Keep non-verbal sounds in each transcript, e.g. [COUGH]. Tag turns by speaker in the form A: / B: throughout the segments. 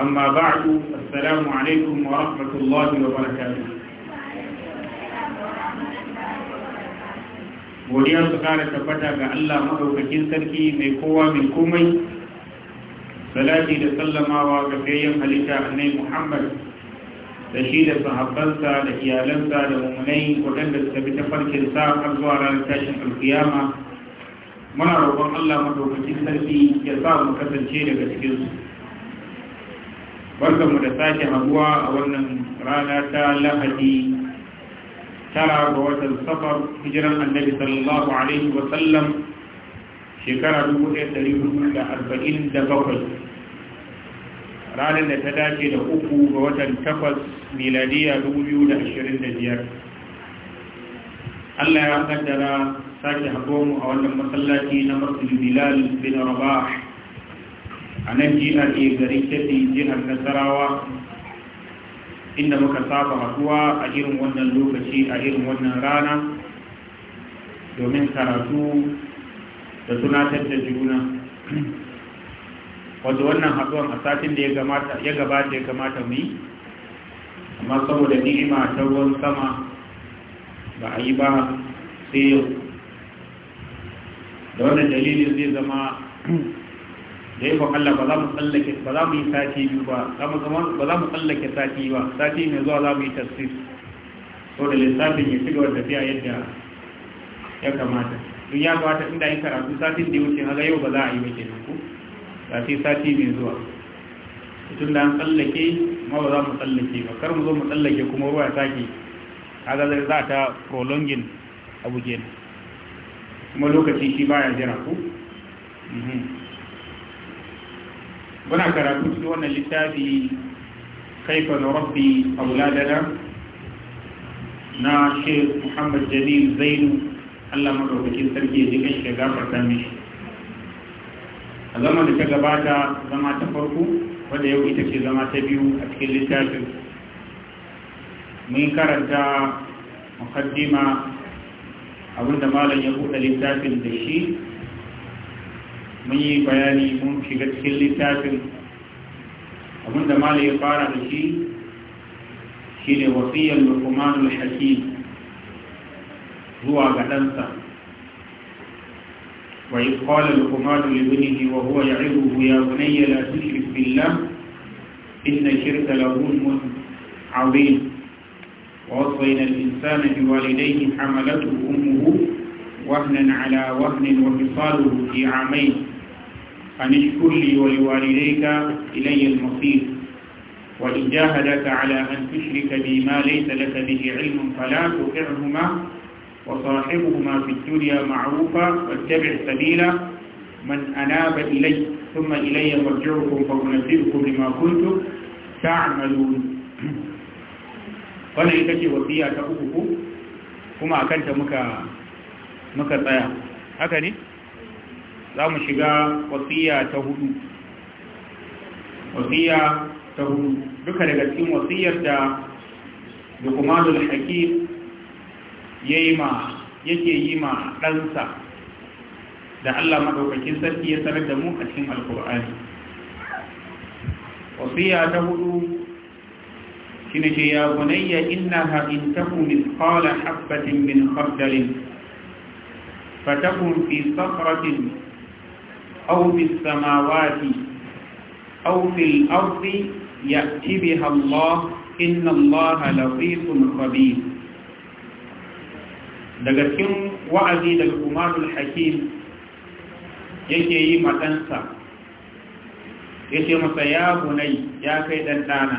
A: أما بعد السلام عليكم ورحمة الله وبركاته godiya su kara tabbata ga Allah maɗaukakin sarki mai kowa mai komai salati da sallamawa ga fayyan halitta annai Muhammad da shi da sahabbansa da iyalansa da mummunai waɗanda suka bi tafarkin sa har zuwa ranar tashin alkiyama muna roƙon Allah maɗaukakin sarki ya sa mu kasance daga cikinsu mu da sake haguwa a wannan rana ta lahadi tara ga watan safar hijiran annabi sallallahu alaihi wa sallam shekara 1447 ranar da ta dace da uku ga watan takwas miladiya 2025 Allah ya kaddara sake haguwa mu a wannan masallaci na masu bilal bin rabah a nan jihar garin shafi jihar nasarawa inda muka saba haduwa a irin wannan lokaci a irin wannan rana domin karatu da tunatar da juna wadda wannan haduwan a satin da ya gabata ya kamata mu yi amma saboda ni'ima ta ruwan sama ba a yi ba sai yau da wannan dalilin zai zama da ya Allah ba za mu tsallake ba za mu yi sati biyu ba ba za mu tsallake sati ba sati mai zuwa za mu yi tafsir so da lissafin ya cigaba da tafiya yadda ya kamata duk ya kamata inda yi karatu satin da ya wuce haga yau ba za a yi wake ku sati sati mai zuwa tun da an tsallake ma ba za mu tsallake ba kar mu zo mu tsallake kuma ruwa sake haga zai za ta prolongin abu kenan kuma lokaci shi baya jira ku muna karatu cikin wannan littafi kaifa rafi rabbi auladana na shek muhammad jamil zainu allah madaukakin sarki ya jikin shiga gafarta mishi a zama da ta gabata zama ta farko wadda yau ita ce zama ta biyu a cikin littafin mun karanta mukaddima abinda malam ya buɗe littafin da shi mun yi bayani mun shiga cikin littafin abinda mala ya fara da shi shi ne wasiyar lukumanul hakim zuwa ga ɗansa wa yi kwallo lukumanul ibinihi wa huwa ya iruhu ya bunayya la tushrik billah inna shirka lahun عظيم ووصينا الإنسان بوالديه حملته أمه وهنا على وهن وفصاله في عامين أن اشكر لي ولوالديك إلي المصير وإن جاهدك على أن تشرك بي ما ليس لك به علم فلا تطعهما وصاحبهما في الدنيا معروفا واتبع سبيلا من أناب إلي ثم إلي مرجعكم فأنبئكم بما كنتم تعملون wannan ita ce wasiya ta uku kuma akan ta muka tsaya haka ne za mu shiga wasiya ta hudu wasiya ta hudu duka daga cikin wasiyar da dokumanul hakim yake yi ma ɗansa da Allah maɗaukakin sarki ya sanar da mu a cikin alkur'ani wasiya ta hudu shi ne ce ya bunayya innaha in taku misqala habatin min khardalin fatakun fi safratin أو في السماوات أو في الأرض يأتي بها الله إن الله لطيف خبير daga cikin wa'azi daga umarul hakim yake yi matansa ya ce masa ya bunai ya kai ɗanɗana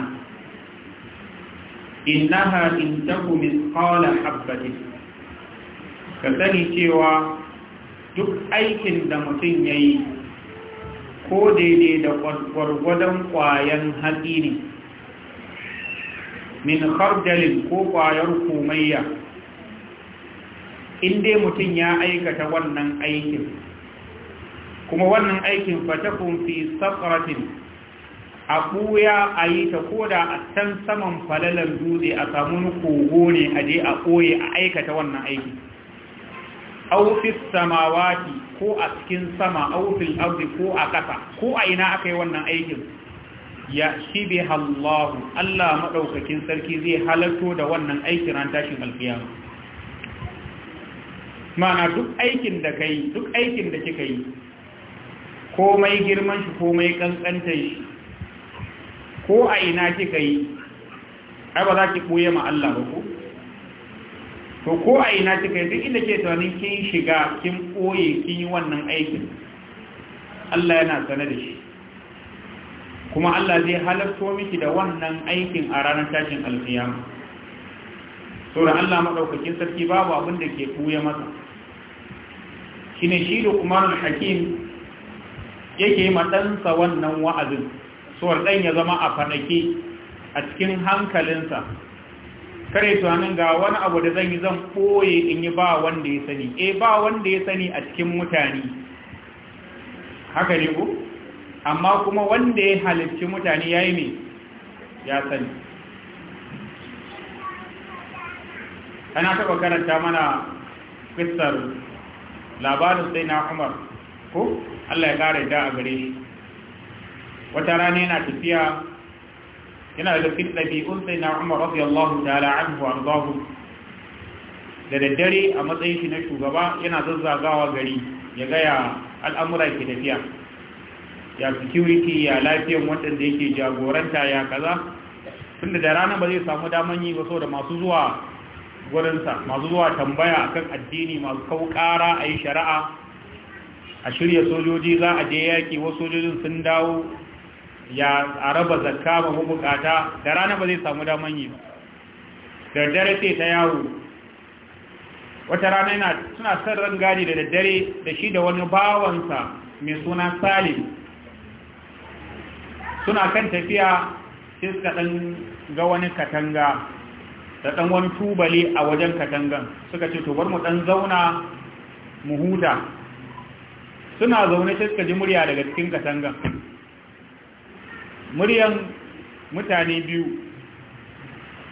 A: innaha in taku misqala habbatin ka sani cewa duk aikin da mutum ya yi ko daidai da gwargwadon kwayan hatsi ne min khardalin ko kwayar komayya in dai mutum ya aikata wannan aikin kuma wannan aikin fatakun fi sakratin a ɓuya a yi ta koda a can saman falalar dutse a samu kogo ne a je a ɓoye a aikata wannan aikin aufis samawati ko a cikin sama aufil ardi ko a ƙasa ko a ina aka yi wannan aikin ya shibe Allah Allah maɗaukakin sarki zai halatto da wannan aikin ran tashin alkiyama mana duk aikin da kai duk aikin da kika yi komai girman shi komai kankanta shi ko a ina kika yi ai ba za ki ɓoye ma Allah ba ko to ko a ina kika yi duk inda ke tunanin kin shiga kin ɓoye kin yi wannan aikin Allah yana sane da shi kuma Allah zai halarto miki da wannan aikin a ranar tashin alkiyama saboda Allah maɗaukakin sarki babu abin da ke ɓuya masa kine shi da kuma nan hakim yake yi matsansa wannan wa'azin suwar ɗan ya zama a fanake a cikin hankalinsa kare tunanin ga wani abu da zan yi zan ɓoye in yi ba wanda ya sani eh ba wanda ya sani a cikin mutane haka ne ku amma kuma wanda ya halicci mutane ya yi ne ya sani ana taɓa karanta mana kistar labarin sai na umar ko allah ya ƙara da a gare shi wata rana yana tafiya yana da cikin ɗabi'un sai na umar radiyallahu ta'ala anhu wa zahu da daddare a matsayin shi na shugaba yana zazzagawa gari ya gaya al'amura ke tafiya ya security ya lafiyan waɗanda yake jagoranta ya kaza tunda da rana ba zai samu daman yi ba da masu zuwa gurinsa masu zuwa tambaya akan addini masu kaukara a yi shari'a a shirya sojoji za a je yaƙi wasu sojojin sun dawo ya araba zakka ba mu bukata da rana ba zai samu daman yi ba da dare sai ta yawo wata rana yana suna son rangadi da daddare da shi da wani bawansa mai suna salim suna kan tafiya sai suka dan ga wani katanga da dan wani tubali a wajen katangan suka ce bar mu dan zauna mu huta suna zaune sai suka ji murya daga cikin katangan muryan mutane biyu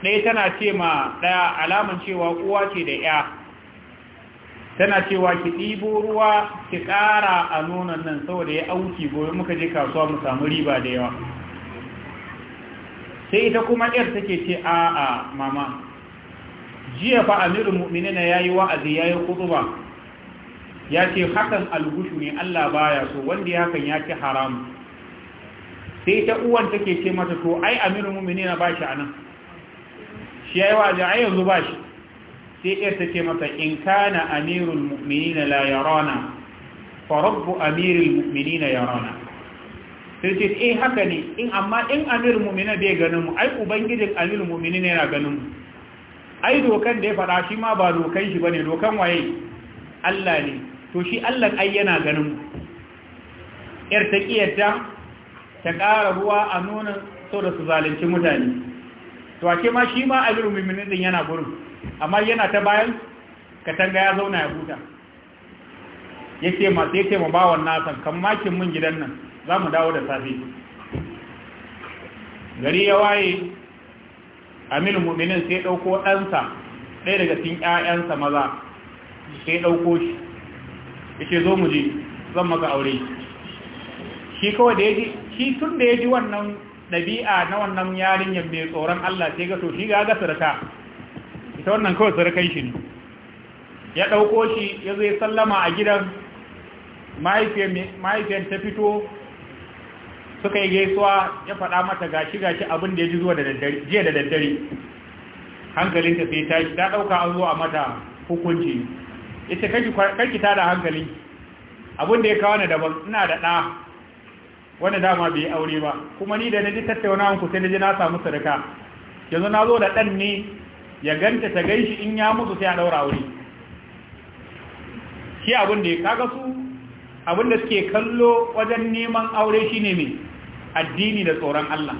A: ɗaya tana ce ma ɗaya alaman cewa uwa ke da ya tana cewa ki ɗibo ruwa ki ƙara a nonon nan saboda ya auki gobe muka je kasuwa mu samu riba da yawa sai ita kuma ƴar take ce a a mama jiya fa amirul mu'minina yayi wa'azi yayi khutba ya ce hakan algushu ne Allah baya so wanda ya hakan ya ci haramu sai ta uwan take ce mata to ai amirul mu'minin ba shi anan shi yayi wa da ai yanzu ba shi sai ɗaya ta ce mata in kana amirul mu'minin la yarana fa rabbu amirul mu'minin yarana sai ce eh haka ne in amma in amirul mumini bai ganin mu ai ubangijin amirul ne yana ganin mu ai dokan da ya faɗa shi ma ba dokan shi bane dokan waye Allah ne to shi Allah ai yana ganin mu yar ta kiyarta ta ƙara ruwa a nuna so da su zalunci mutane to ake ma shi ma abin mu'minin din yana gurin amma yana ta bayan katanga ya zauna ya huta yace ma sai ce ma bawan nasan kan makin mun gidan nan za mu dawo da safe gari ya waye amin mu'minin sai ɗauko ɗansa ɗaya daga cikin ƴaƴansa maza sai ɗauko shi ce zo mu je zan maka aure shi kawai da ya ji shi tun da ya ji wannan ɗabi'a na wannan yarinyar mai tsoron Allah sai ga to shi ga ga sarka ita wannan kawai sarkai shi ne ya ɗauko shi ya zai sallama a gidan mahaifiyar ta fito suka yi gaisuwa ya faɗa mata gashi gashi abin da ya ji zuwa jiya da daddare hankalinta sai ta ta ɗauka an zuwa mata hukunci ita kaki ta da hankali abin da ya kawo na daban ina da ɗa wanda dama bai yi aure ba kuma ni da na ji tattaunawan ku sai na ji na samu sadaka yanzu na zo da ɗan ne ya ganta ta gaishi in ya mutu sai a ɗaura aure shi abin da ya kaga su abin da suke kallo wajen neman aure shine ne addini da tsoron Allah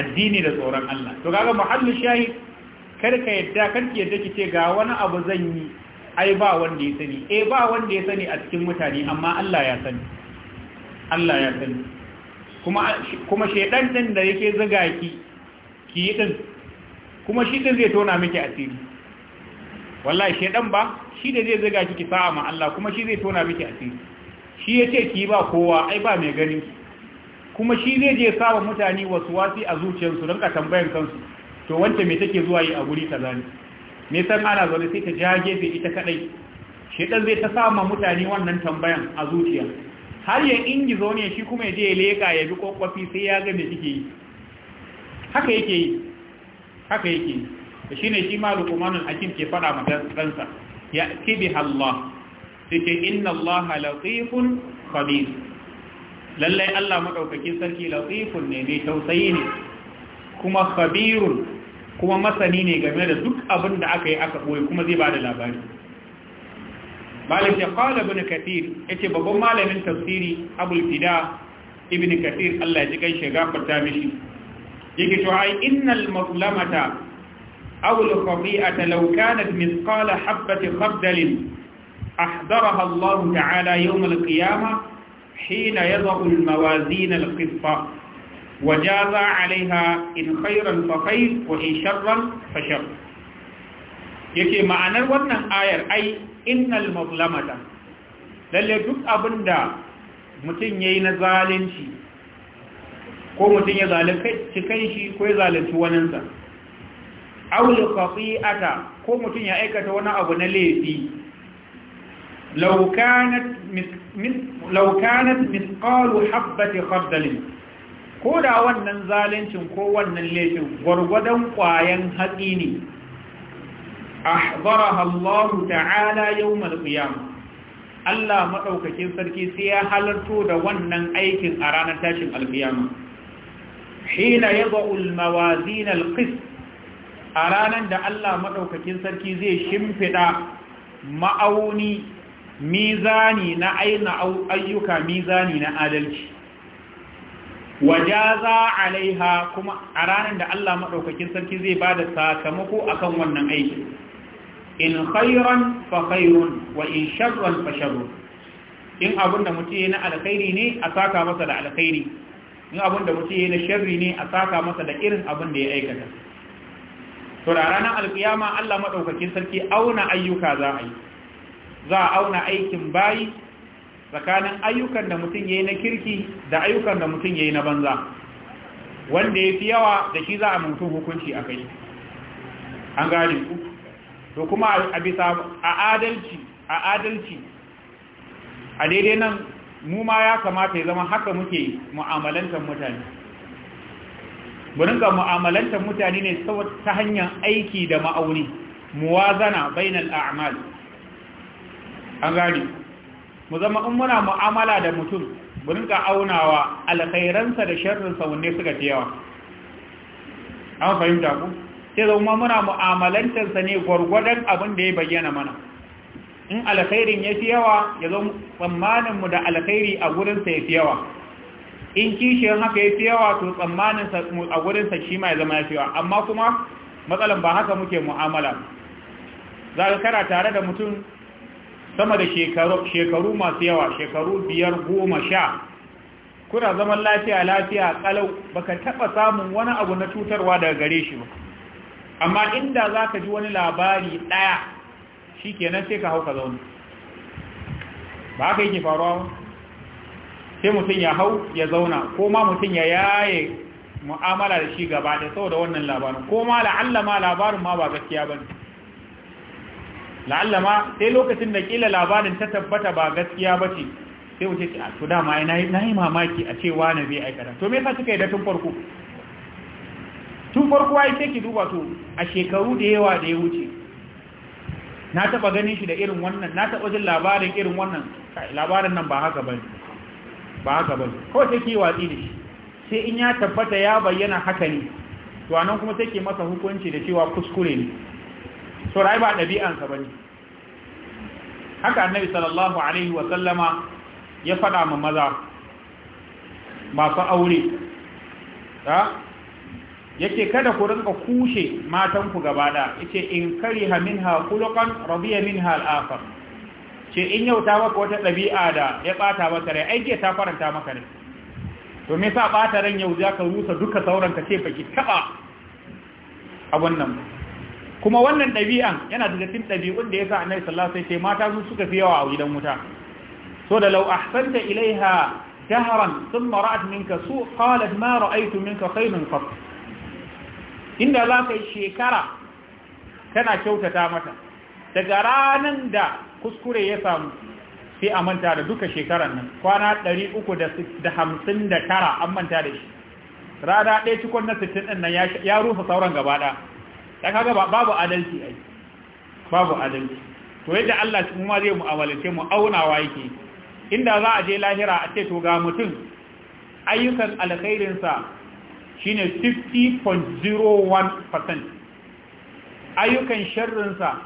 A: addini da tsoron Allah to kaga muhallu shahi kar ka yadda kar ki yadda kice ga wani abu zan yi ai ba wanda ya sani eh ba wanda ya sani a cikin mutane amma Allah ya sani Allah ya sani kuma kuma shedan din da yake zaga ki ki yi din kuma shi din zai tona miki asiri wallahi shedan ba shi da zai zaga ki ki sa'a ma Allah kuma shi zai tona miki asiri shi yace ki ba kowa ai ba mai gani. kuma shi zai je saba mutane wasu wasi a zuciyarsu don ka tambayan kansu to wancan me take zuwa yi a guri kaza ne me san ana zaune sai ta ja gefe ita kadai shedan zai ta sama mutane wannan tambayan a zuciya har ya ingizo ne shi kuma ya je ya leka ya bi kwakwafi sai ya ga da kike yi haka yake yi haka yake yi shi ne shi ma lukumanul hakim ke fada mata ya tibi Allah sai ce inna Allah latifun khabir lallai Allah madaukakin sarki latifun ne mai tausayi ne kuma khabirun kuma masani ne game da duk abin da aka yi aka ɓoye kuma zai ba da labari malam ya qala ibn kathir yace babban malamin tafsiri abul fida ibn kathir Allah ji kan shiga fata mishi yake to ai innal mazlamata aw a khati'ata law kanat mithqala habati khardal Allah ta'ala yawm al qiyamah حين waje الموازين القصة وجاز عليها إن خيرا فخير وإن شرا فشر yake ma'anar wannan ayar ai innal mazlamata lalle duk abinda mutum ya yi na zalunci ko mutum ya zalunci kai shi ko ya zalunci waninsa awli qati'ata ko mutum ya aikata wani abu na laifi law kanat law kanat mithqalu habati ko da wannan zaluncin ko wannan laifin gwargwadon kwayan hatsi ne ahbaraha Allah ta'ala yawmal qiyamah Allah madaukakin sarki sai ya halarto da wannan aikin a ranar tashin alkiyama hina yad'u al-mawazin a ranar da Allah madaukakin sarki zai shimfida ma'auni mizani na aina ayyuka mizani na adalci wajaza alaiha kuma a ranar da Allah maɗaukakin sarki zai ba da sakamako akan wannan aiki in khairan fa khairun wa in sharran fa sharrun in abinda mutum yana alkhairi ne a saka masa da alkhairi in abinda mutum yana sharri ne a saka masa da irin abin da ya aikata to da ranar alkiyama Allah madaukakin sarki auna ayyuka za a yi za a auna aikin bayi tsakanin ayyukan da mutum yayi na kirki da ayyukan da mutum yayi na banza wanda yafi yawa da shi za a mutum hukunci akai an gane ku to kuma a bisa a adalci a adalci a daidai nan mu ma ya kamata ya zama haka muke mu'amalantar mutane burin ga mu'amalantar mutane ne ta hanyar aiki da ma'auni muwazana bainal a'mal an gani mu zama in muna mu'amala da mutum burin ga aunawa alkhairansa da sharrinsa wanne suka fi yawa an fahimta ku sai zama muna mu'amalantarsa ne gwargwadon abin da ya bayyana mana in alkhairin ya fi yawa ya zama tsammaninmu da alkhairi a gurinsa ya fi yawa in kishiyar haka ya fi yawa to tsammanin a gurinsa shi ma ya zama ya fi yawa amma kuma matsalan ba haka muke mu'amala za ka kara tare da mutum sama da shekaru masu yawa shekaru biyar goma sha kuna zaman lafiya lafiya kalau baka taba samun wani abu na cutarwa daga gare shi ba amma inda za ka ji wani labari ɗaya shi kenan sai ka hau ka zaune ba haka yake faruwa sai mutum ya hau ya zauna ko ma mutum ya yaye mu'amala da shi gaba da saboda wannan labarin ko ma la'allama labarin ma ba gaskiya ba ne la'allama sai lokacin da kila labarin ta tabbata ba gaskiya ba ce sai wuce ce a su dama na yi mamaki a cewa na zai aikata to me yasa suka yi da tun farko tun farko ai sai ki duba to a shekaru da yawa da ya wuce na taba ganin shi da irin wannan na taba jin labarin irin wannan labarin nan ba haka bane ba haka bane ko sai ki watsi da shi sai in ya tabbata ya bayyana haka ne to anan kuma sai ki masa hukunci da cewa kuskure ne so rai ba dabi'ansa bane haka annabi sallallahu alaihi wa sallama ya faɗa ma maza masu aure ta yace kada ku rinka kushe matan ku gaba da yace in ha minha khuluqan radiya minha al-akhar ce in yauta maka wata dabi'a da ya bata maka rai ai ta faranta maka rai to me yasa bata ran yau ka rusa duka sauran ka ce baki taba a wannan kuma wannan dabi'an yana daga cikin dabi'un da yasa Annabi sallallahu alaihi wasallam mata su suka fi yawa a gidan wuta so da law ahsanta ilaiha jahran thumma ra'at minka su qalat ma ra'aytu minka khayran qat inda za ka yi shekara tana kyautata mata daga ranar da kuskure ya samu sai a manta da duka shekarar nan kwana 359 an manta da shi rada ɗaya cikon na 60 ɗin nan ya rufe sauran gaba ɗa ta kaga babu adalci ai babu adalci to yadda Allah shi kuma zai mu'amalance mu aunawa yake inda za a je lahira a ce to ga mutum ayyukan alkhairinsa shine 50.01% ayyukan sharrinsa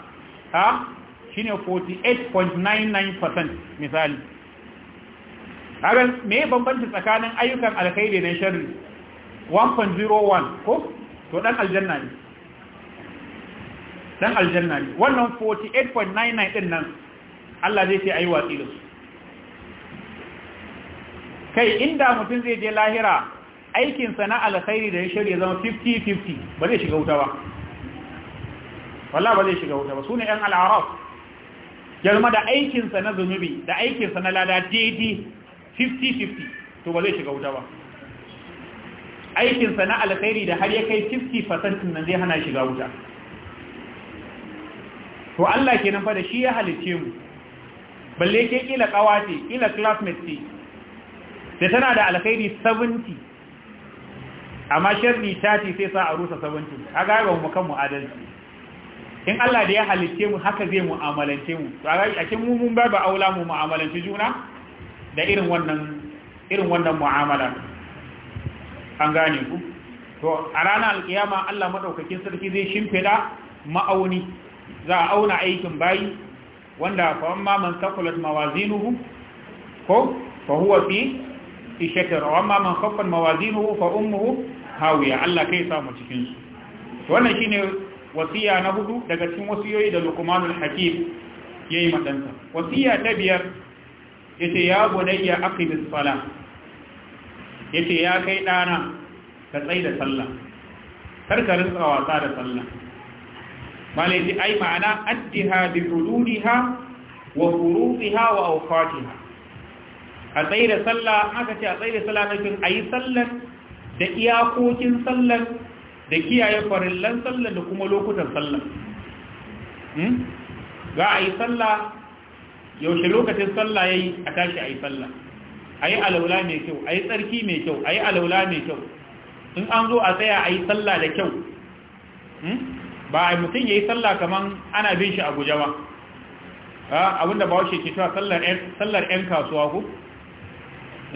A: ha shine 48.99% misali kaga me bambanci tsakanin ayyukan alkhairi da sharri 1.01 ko to dan aljanna ne dan aljanna ne wannan 48.99 din nan Allah zai ce ayi watsi da su kai inda mutum zai je lahira aikinsa na alkhairi da ya shirya zama 50-50 ba zai shiga wuta ba wallah ba zai shiga wuta ba su ne ‘yan al'arab jalma da aikinsa na zunubi da aikinsa na lada daidai 50-50 to ba zai shiga wuta ba aikinsa na alkhairi da har ya kai 50% nan zai hana shiga wuta to Allah ke fa da shi ya halice mu balle ke kila kawace kila classmate ce da tana da alkhairi 70 amma sharri tati sai sa a rusa sabuncin A ga mu kan mu'adalci adalci in Allah da ya halitce mu haka zai mu'amalance mu to a cikin mu mun babu aula mu mu'amalanci juna da irin wannan irin wannan mu'amala an gane ku to a ranar alkiyama Allah madaukakin sarki zai shimfida ma'auni za a auna aikin bayi wanda fa amma man saqulat mawazinuhu ko fa huwa fi fi wa amma man khaffat mawazinuhu fa ummuhu hawiya Allah kai sa mu cikin su wannan shine wasiya na hudu daga cikin wasiyoyi da Luqmanul Hakim yayi madansa wasiya ta biyar yace ya bunayya aqimis sala yace ya kai dana ka tsai da sallah kar ka wasa da sallah malai ji ai ma'ana addiha bi hududiha wa furuqiha wa awqatiha a tsai da sallah aka ce a tsai da sallah nufin a yi sallar da iyakokin sallar da kiyaye farillan sallar da kuma lokutan sallar hmm? za a yi sallah yaushe lokacin sallah ya yi a tashi a yi sallah a yi alaula mai kyau a yi tsarki mai kyau a yi alaula mai kyau in an zo a tsaya a yi sallah da kyau hmm? ba a mutum ya yi sallah kamar ana bin shi a guje ba abinda ba washe ke cewa sallar 'yan kasuwa ku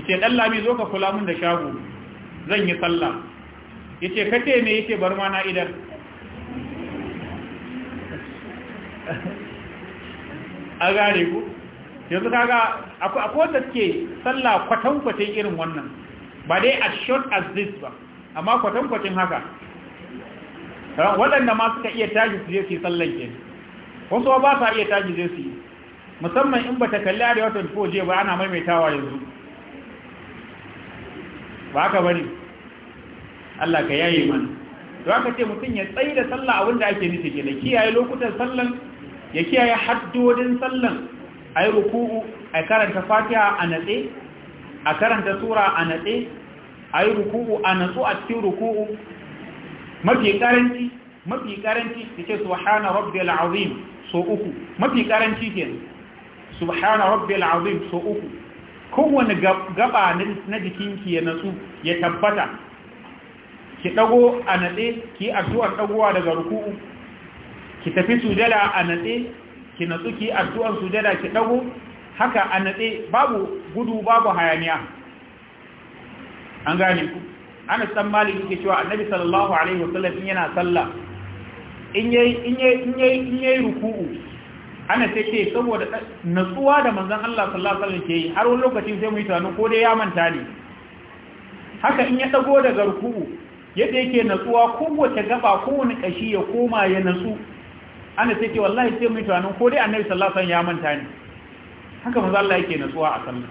A: ce ɗan lami zo ka kula mun da shago zan yi sallah yace kace me yake bar ma na idan a gare ku yanzu kaga akwai wanda suke sallah kwatankwacin irin wannan ba dai as short as this ba amma kwatankwacin haka waɗanda ma suka iya taji su je su yi sallan ke wasu ba sa iya taji zai su yi musamman in ba ta kalli arewa 24 je ba ana maimaitawa yanzu ba ka bari Allah ka yayi mana to aka ce mutum ya tsayi da sallah abin da ake nufi kenan kiyaye lokutan sallan ya kiyaye haddodin sallan ay ruku'u a karanta fatiha a natse a karanta sura a natse ay ruku'u a natsu a cikin ruku'u mafi karanci mafi karanci yake subhana rabbil azim so uku mafi karanci kenan subhana rabbil azim so uku kowane gaba na jikinki ya natsu ya tabbata ki dago a natse ki addu'ar dagowa daga ruku'u ki tafi sujada a natse ki natsu ki addu'ar sujada ki dago haka a natse babu gudu babu hayaniya an gane ku Ana san Malik yake cewa Annabi sallallahu alaihi wasallam yana sallah in yayi in yayi in yayi ruku'u ana sai ce saboda natsuwa da manzan Allah sallallahu alaihi ke yi har wani lokacin sai mu yi tunanin ko dai ya manta ne haka in ya dago daga garku yadda yake natsuwa ko wace gaba ko wani kashi ya koma ya natsu ana sai ce wallahi sai mu yi tunanin ko dai annabi sallallahu alaihi ya manta ne haka manzan Allah yake natsuwa a sallah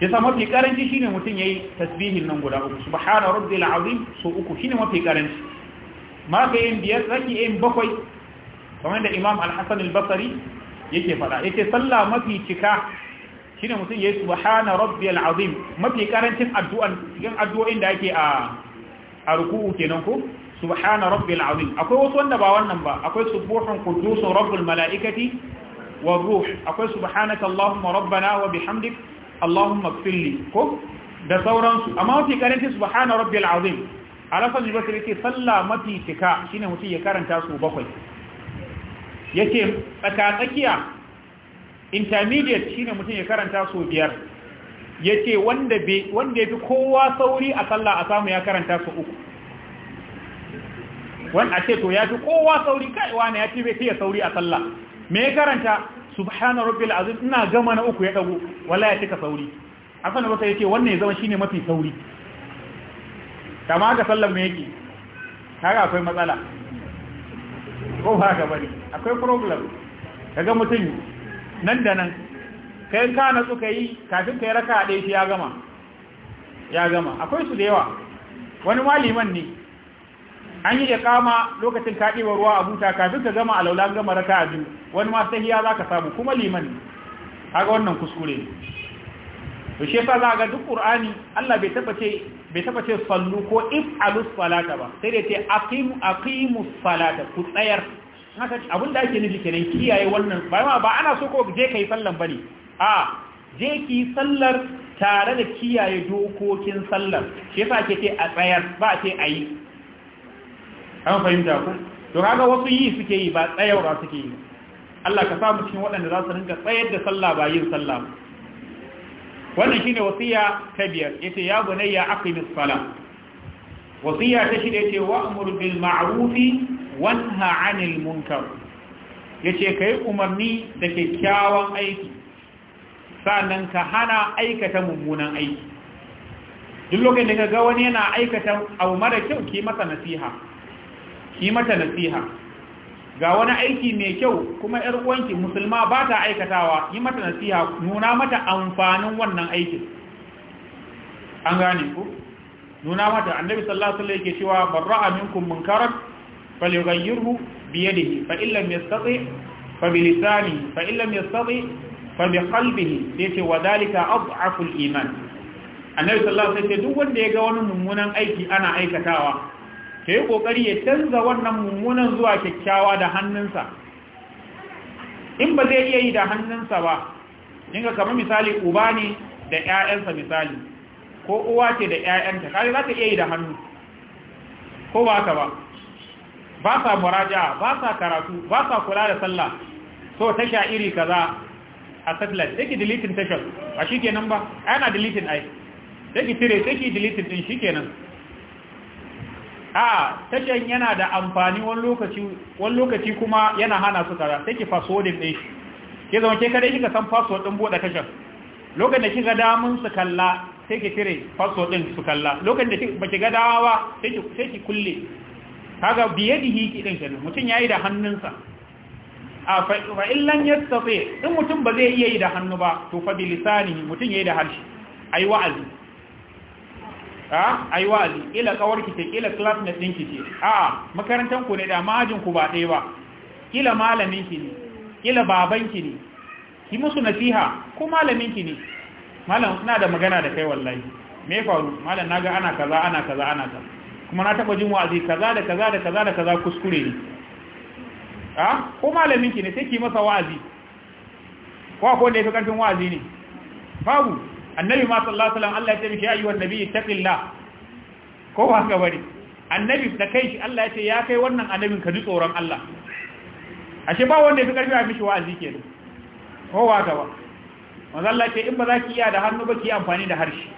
A: ya sa mafi karanci shine mutum yayi tasbihin nan guda uku subhana rabbil azim so uku shine mafi karanci ma ka yin biyar zaki yin bakwai kamar da imam al-hassan al-basari yake fada yake sallah mafi cika shine mutum yayi subhana rabbiyal azim mafi karancin addu'an cikin addu'o'in da ake a a ruku'u kenan ko subhana rabbil azim akwai wasu wanda ba wannan ba akwai subbuhun qudusun rabbi malaikati war ruh akwai subhanaka allahumma rabbana wa bihamdik allahumma ighfirli ko da sauransu amma mafi karancin subhana rabbil azim alasan basiri ke sallah mafi cika shi ne mutum ya karanta su bakwai yace tsakiya intermediate shine mutum ya karanta so biyar yace wanda be wanda yafi kowa sauri a sallah a samu ya karanta so uku wani a ce to ya fi kowa sauri kai wani ya ce bai fiye sauri a sallah me ya karanta subhana rabbil azim ina gama na uku ya dago wala ya cika sauri asan da baka yake wannan ya zama shine mafi sauri kama ga sallar me yake kaga akwai matsala ko ba ga bari akwai problem kaga mutum nan da nan kai ka na su yi kafin kai raka ɗaya shi ya gama ya gama akwai su da yawa wani maliman ne an yi ya kama lokacin kaɗewar ruwa a buta kafin ka gama alaula gama raka a biyu wani ma sahiya za ka samu kuma liman ne kaga wannan kuskure ne to shi yasa za ga duk qur'ani Allah bai taba ce bai taba ce sallu ko if'alu salata ba sai da ce aqimu aqimu salata ku tsayar haka abinda ake nufi kenan kiyaye wannan ba ma ba ana so ko je kai sallan bane a je ki sallar tare da kiyaye dokokin sallar shi yasa ake ce a tsayar ba ce ayi an fahimta ku to kaga wasu yi suke yi ba tsayarwa suke yi Allah ka mu cikin waɗanda za su rinka tsayar da sallah ba yin sallah ba wannan shine wasiya ta biyar yace ya bunayya aqimis sala wasiya ta shida yace wa'mur bil wa wanha 'anil munkar yace kai umarni da kyakkyawan aiki sannan ka hana aikata mummunan aiki duk lokacin da ka ga wani yana aikata abu mara kyau ki masa nasiha ki mata nasiha ga wani aiki mai kyau kuma ‘yar uwanki musulma ba ta aikatawa yi mata nasiha nuna mata amfanin wannan aikin an gane ku nuna mata annabi sallallahu alaihi yake cewa barra'a minkum munkaran falyughayyirhu bi yadihi fa in lam yastati fa bi lisani fa in lam yastati fa bi qalbihi yace wa dalika adhafu al-iman annabi sallallahu alaihi duk wanda ya ga wani mummunan aiki ana aikatawa to yi kokari ya canza wannan mummunan zuwa kyakkyawa da hannunsa in ba zai iya yi da hannunsa ba inga kamar misali uba ne da 'ya'yansa misali ko uwa ce da 'ya'yanta kare za ka iya yi da hannu ko ba ka ba ba sa muraja ba sa karatu ba sa kula da sallah so tasha iri kaza a satellite take deleting tashar a shikenan ba ana deleting ai take tire take deleting din shikenan a tashan yana da amfani wani lokaci wani lokaci kuma yana hana su tsara sai ki password din shi ke zama ke kada kika san password din buɗe tashan lokacin da kika da mun su kalla sai ki tire password din su kalla lokacin da baki ga gadawa ba sai ki sai ki kulle kaga biyadihi ki din mutum mutun yayi da hannunsa a fa in lan yastati in mutun ba zai iya yi da hannu ba to fa bi mutum mutun yayi da harshe ayi wa'azi a ai wa'azi kila ƙawarki ce kila classmate ɗinki ce a makarantar ku ne da majin ku ba ɗaya ba kila malamin ki ne kila baban ki ne ki musu nasiha ko malamin ki ne malam ina da magana da kai wallahi me faru malam naga ana kaza ana kaza ana kaza kuma na taba jin wa'azi kaza da kaza da kaza da kaza kuskure ne a ko malamin ki ne sai ki masa wa'azi ko akwai da fi ƙarfin wa'azi ne babu annabi ma sallallahu alaihi Allah ya ce mishi ayyuhan nabi taqillah ko ba ka bari annabi da kai shi Allah ya ce ya kai wannan annabin ka ji tsoron Allah ashe ba wanda ya fi karfi a mishi wa'azi kenan ko ba ka ba manzo Allah ce in ba za ki iya da hannu ba ki amfani da harshe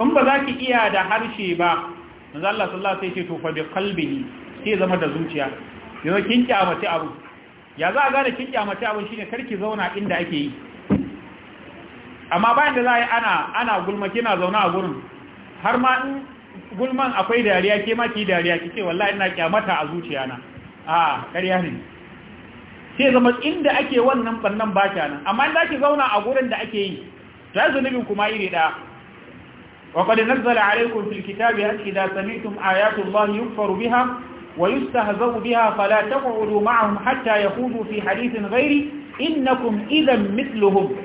A: in ba za ki iya da harshe ba manzo Allah sallallahu alaihi wasallam ce to fa bi qalbihi sai zama da zuciya yanzu kin kyamace abu ya za a gane kin kyamace abu shine karki zauna inda ake yi amma bayan da za a yi ana gulma kina zaune a gurin har ma in gulman akwai dariya ke ma ki dariya kice wallahi ina kyamata a zuciya na a ƙarya ne sai zama inda ake wannan bannan ba ta nan amma in zaki zauna a gurin da ake yi ta zunubin kuma iri ɗaya wa qad nazzala alaykum fil kitabi an idza sami'tum ayati allahi yukfaru biha wa yustahzawu biha fala taq'udu ma'ahum hatta yaqudu fi hadithin ghairi innakum idan mithluhum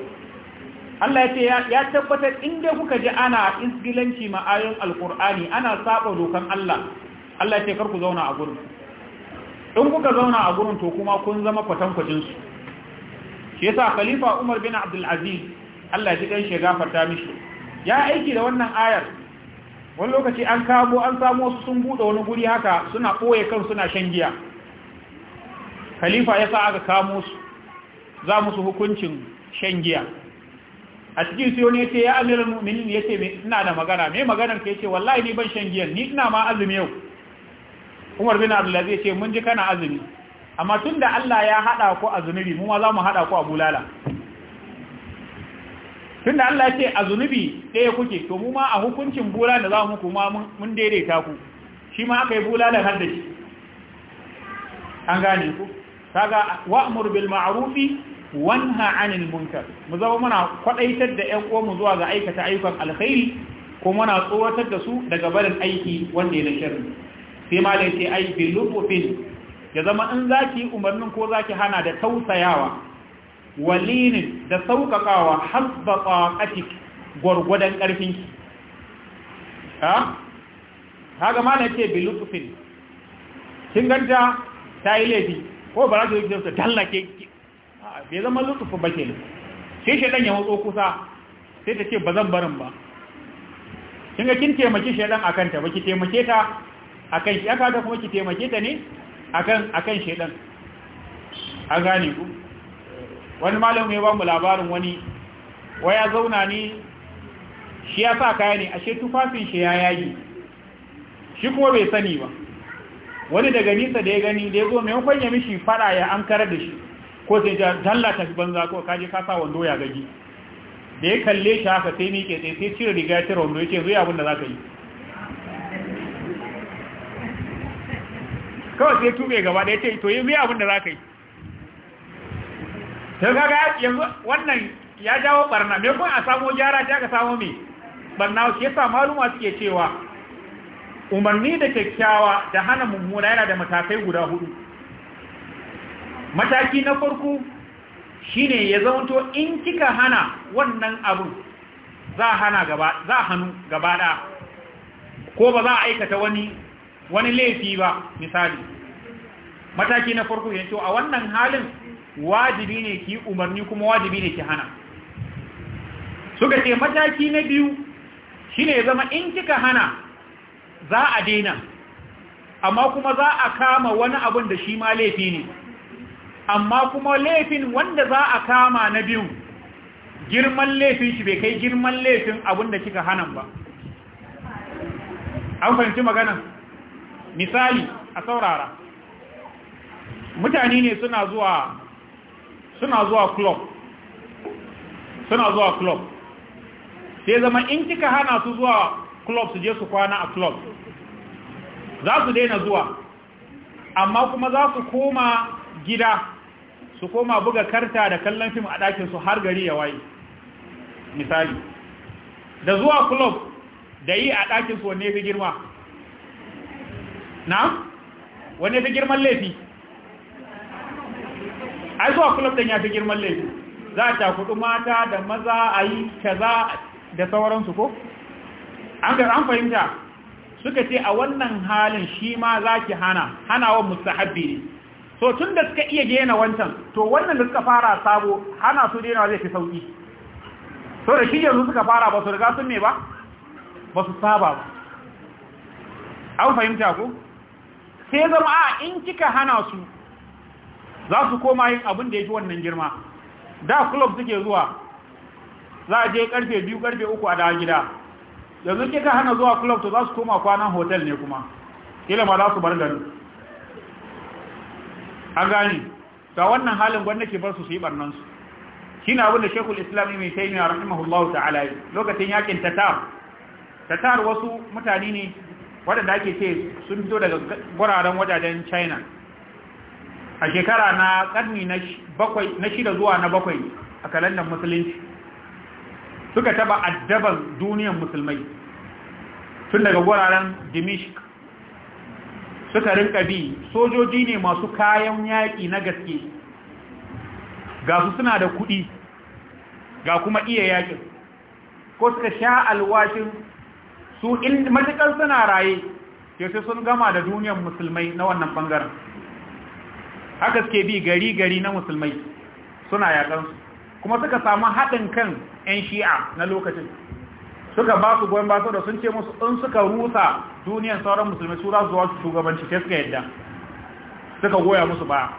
A: Allah ya ce ya tabbatar inda kuka ji ana isgilanci ma'ayon alkur'ani ana saba dokan Allah Allah ya ce kar ku zauna a gurin in kuka zauna a gurin to kuma kun zama kwatankwacin su shi yasa khalifa Umar bin Abdul Aziz Allah ya ji dan shiga farta mishi ya aiki da wannan ayar wani lokaci an kamo an samu wasu sun bude wani guri haka suna boye kan suna shan giya khalifa yasa aka kamo su za musu hukuncin shan giya a cikin sai wani yace ya amiral mu'minin yace me ina da magana mai maganar ka yace wallahi ni ban shan giyan ni ina ma azumi yau Umar bin Abdullah zai ce mun ji kana azumi amma tunda Allah ya haɗa ku a mu ma za mu hada ku a bulala tunda Allah ya ce zunubi ɗaya kuke to mu ma a hukuncin bulala za mu kuma mun daidaita ku shi ma aka yi bulalan har da shi an gane ku kaga wa'mur bil ma'rufi wanha anil munkar mu zama muna kwadaitar da ƴan uwanmu zuwa ga aikata ayyukan alkhairi ko muna tsoratar da su daga barin aiki wanda ya na sai ma da yake ai bi lubufin ya zama in zaki umarnin ko zaki hana da tausayawa walinin da sauƙaƙawa habba qaqatik gurgudan ƙarfinki ha kaga ma ce bi lubufin kin ganta tayi yi laifi ko ba za ta yi ta bai zama lutufu ba ke sai shaidan ya matso kusa sai ta ce ba zan barin ba kin ga kin taimaki shaidan akan ta baki taimake ta akan shi aka ga kuma ki taimake ta ne akan akan shaidan a gane ku wani malamin ya ba mu labarin wani waya zauna ne shi ya sa kaya ne ashe tufafin shi ya yage shi kuma bai sani ba wani daga nisa da ya gani da ya zo maimakon ya mishi fara ya an da shi ko sai ja zalla ta banza ko kaje ka sa wando ya gaji da ya kalle shi haka sai miƙe sai sai cire riga ya tira wando yace zo ya abinda zaka yi kawai sai tube gaba da yace to yi mai abinda zaka yi sai kaga yanzu wannan ya jawo barna me kun a samu gyara ta ka samu me barna shi yasa maluma suke cewa umarni da kyakkyawa da hana mummuna yana da matakai guda hudu mataki na farko shine ya zaunto in kika hana wannan abin za hana gaba za hannu gaba da ko ba za a aikata wani wani laifi ba misali mataki na farko yanzu a wannan halin wajibi ne ki umarni kuma wajibi ne ki hana suka ce mataki na biyu shine ya zama in kika hana za a daina amma kuma za a kama wani abin da shi ma laifi ne amma kuma laifin wanda za a kama na biyu girman laifin shi bai kai girman laifin abinda kika hana ba an fahimci magana misali a saurara mutane ne suna zuwa suna zuwa club suna zuwa club sai zama in kika hana su zuwa club su je su kwana a club za su daina zuwa amma kuma za su koma gida su koma buga karta da kallon fim a ɗakinsu har gari ya waye misali da zuwa club da yi a ɗakinsu wanne fi girma na? wanne fi girman laifi ai zuwa club ɗin ya fi girman laifi za a takudu mata da maza a yi kaza da sauransu ko? an fahimta suka ce a wannan halin shi ma za ki hana hanawan mustahabbi ne to tun da suka iya daina wancan to wannan da suka fara sabo hana su daina zai fi sauki to da shi yanzu suka fara ba su riga sun me ba ba su saba ba an fahimta ku? sai zama a in kika hana su za su koma yin abin da ya fi wannan girma da club suke zuwa za a je karfe biyu karfe uku a dawa gida yanzu kika hana zuwa kulob to za su koma kwanan hotel ne kuma kila ma za su bar garin an gani ta wannan halin gwanda ke bar su su yi barnansu shi na abin da Sheikhul Islam a Taymiyyah rahimahullahu ta'ala lokacin yakin Tatar Tatar wasu mutane ne waɗanda ake ce sun fito daga guraren wajajen China a shekara na karni na shida zuwa na bakwai a kalandar musulunci suka taba addaban duniyar musulmai tun daga guraren Dimishk suka rinka bi sojoji ne masu kayan yaƙi na gaske ga su suna da kuɗi ga kuma iya yaƙin ko suka sha alwashin su in matuƙar suna raye ke sai sun gama da duniyar musulmai na wannan ɓangaren haka suke bi gari-gari na musulmai suna yaƙansu kuma suka samu haɗin kan 'yan shi'a na lokacin suka ba su goyon basu da sun ce musu in suka rusa duniyar sauran musulmi su za su zuwa shugabanci sai suka yadda suka goya musu ba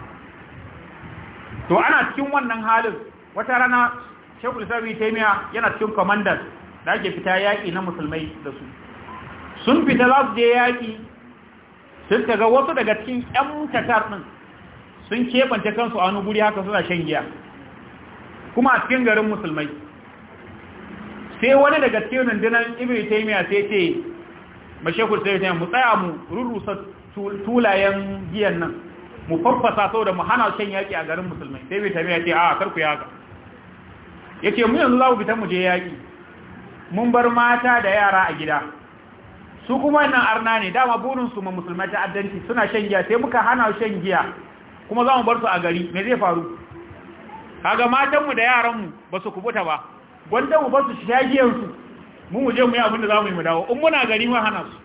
A: to ana cikin wannan halin wata rana shekul sabi taimiya yana cikin kwamandan da ake fita yaƙi na musulmai da su sun fita za su je yaƙi sun ga wasu daga cikin 'yan tatar ɗin sun kebance kansu a wani guri haka suna shan giya kuma a cikin garin musulmai sai wani daga cikin rundunar ibn taimiya sai ce mashekul sai ta mu tsaya mu rurrusa tulayen giyan nan mu farfasa saboda mu hana shan yaƙi a garin musulmai sai bai taimiya ce a karku Ya ce mu yanzu za mu fita mu je yaƙi. mun bar mata da yara a gida su kuma nan arna ne dama burin su ma musulmai ta addanci suna shan giya sai muka hana shan giya kuma za mu bar su a gari me zai faru kaga matanmu da yaranmu ba su kubuta ba gwanda mu basu su shagiyarsu mu mu je mu yi abinda za mu yi mu dawo in muna gari ma hana su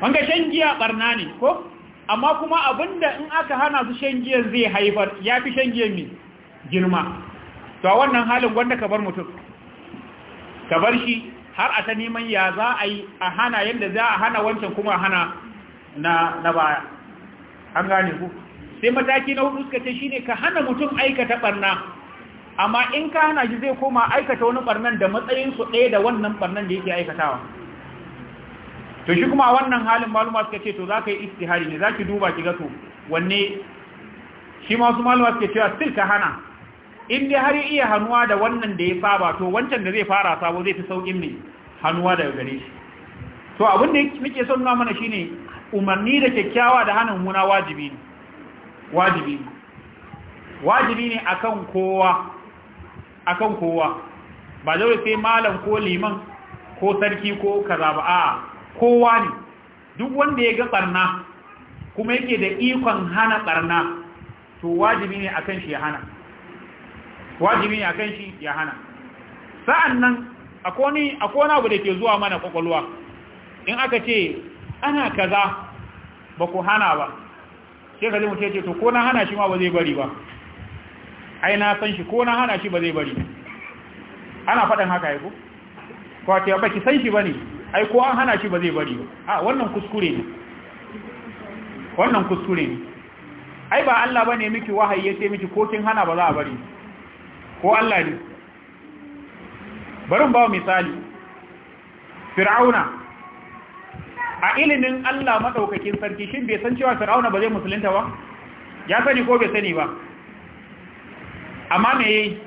A: wanga shan giya barna ne ko amma kuma abinda in aka hana su shan giyan zai haifar ya fi shan giyan mai girma to a wannan halin gwanda ka bar mutum ka bar shi har a ta neman ya za a yi a hana yadda za a hana wancan kuma hana na baya an gane ku sai mataki na hudu suka ce shine ka hana mutum aikata barna amma in ka hana shi zai koma aikata wani barnan da matsayin su ɗaya da wannan barnan da yake aikatawa to shi kuma wannan halin maluma suka ce to za ka yi istihari ne za ki duba ki ga wanne shi masu maluma suka cewa still ka hana in dai har iya hannuwa da wannan da ya saba to wancan da zai fara sabo zai fi sauƙin ne hannuwa daga gare shi to abin da muke son nuna mana shine umarni da kyakkyawa da hana muna wajibi ne wajibi ne wajibi ne akan kowa akan kowa ba zai sai malam ko liman ko sarki ko kaza ba a kowa ne duk wanda ya ga barna kuma yake da ikon hana barna to wajibi ne akan shi ya hana wajibi ne akan shi ya hana sa'annan akoni akona abu da ke zuwa mana kwakwalwa in aka ce ana kaza ba ku hana ba sai ka zai mutu ce to ko na hana shi ma ba zai bari ba ai na san shi ko na hana shi ba zai bari ana faɗin haka ya ko kwato ba ki san shi ba ne ai ko an hana shi ba zai bari ba a wannan kuskure ne wannan kuskure ne ai ba Allah ba ne miki wahayi ya ce miki ko kin hana ba za a bari ko Allah ne barin ba misali fir'auna a ilimin Allah madaukakin sarki shin bai san cewa fir'auna ba zai musulunta ba ya sani ko bai sani ba amma me yi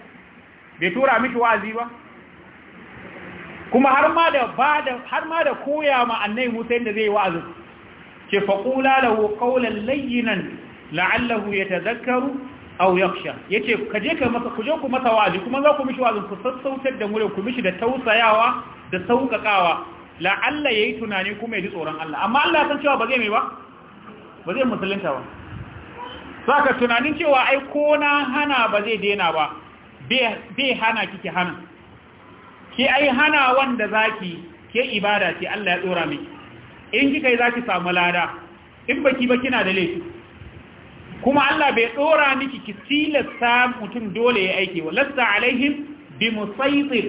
A: bai tura miki wazi ba kuma har ma da da har ma da koya ma annai Musa yadda zai wa'azi ce faqula lahu qawlan layyinan la'allahu yatadhakkaru aw yakhsha yace kaje ka masa kuje ku masa wa'azi kuma za ku mishi wa'azin ku sassautar da mure ku mishi da tausayawa da sauƙaƙawa. la'alla yayi tunani kuma ya ji tsoron Allah amma Allah san cewa ba zai mai ba ba zai musulunta ba saka tunanin cewa ai ko na hana ba zai daina ba bai hana kike hana ki ai hana wanda zaki ke ibada ce Allah ya tsora miki in kika yi zaki samu lada in baki ba kina da laifi kuma Allah bai tsora miki ki tilasta mutum dole ya aike wa lasta alaihim bi musaitir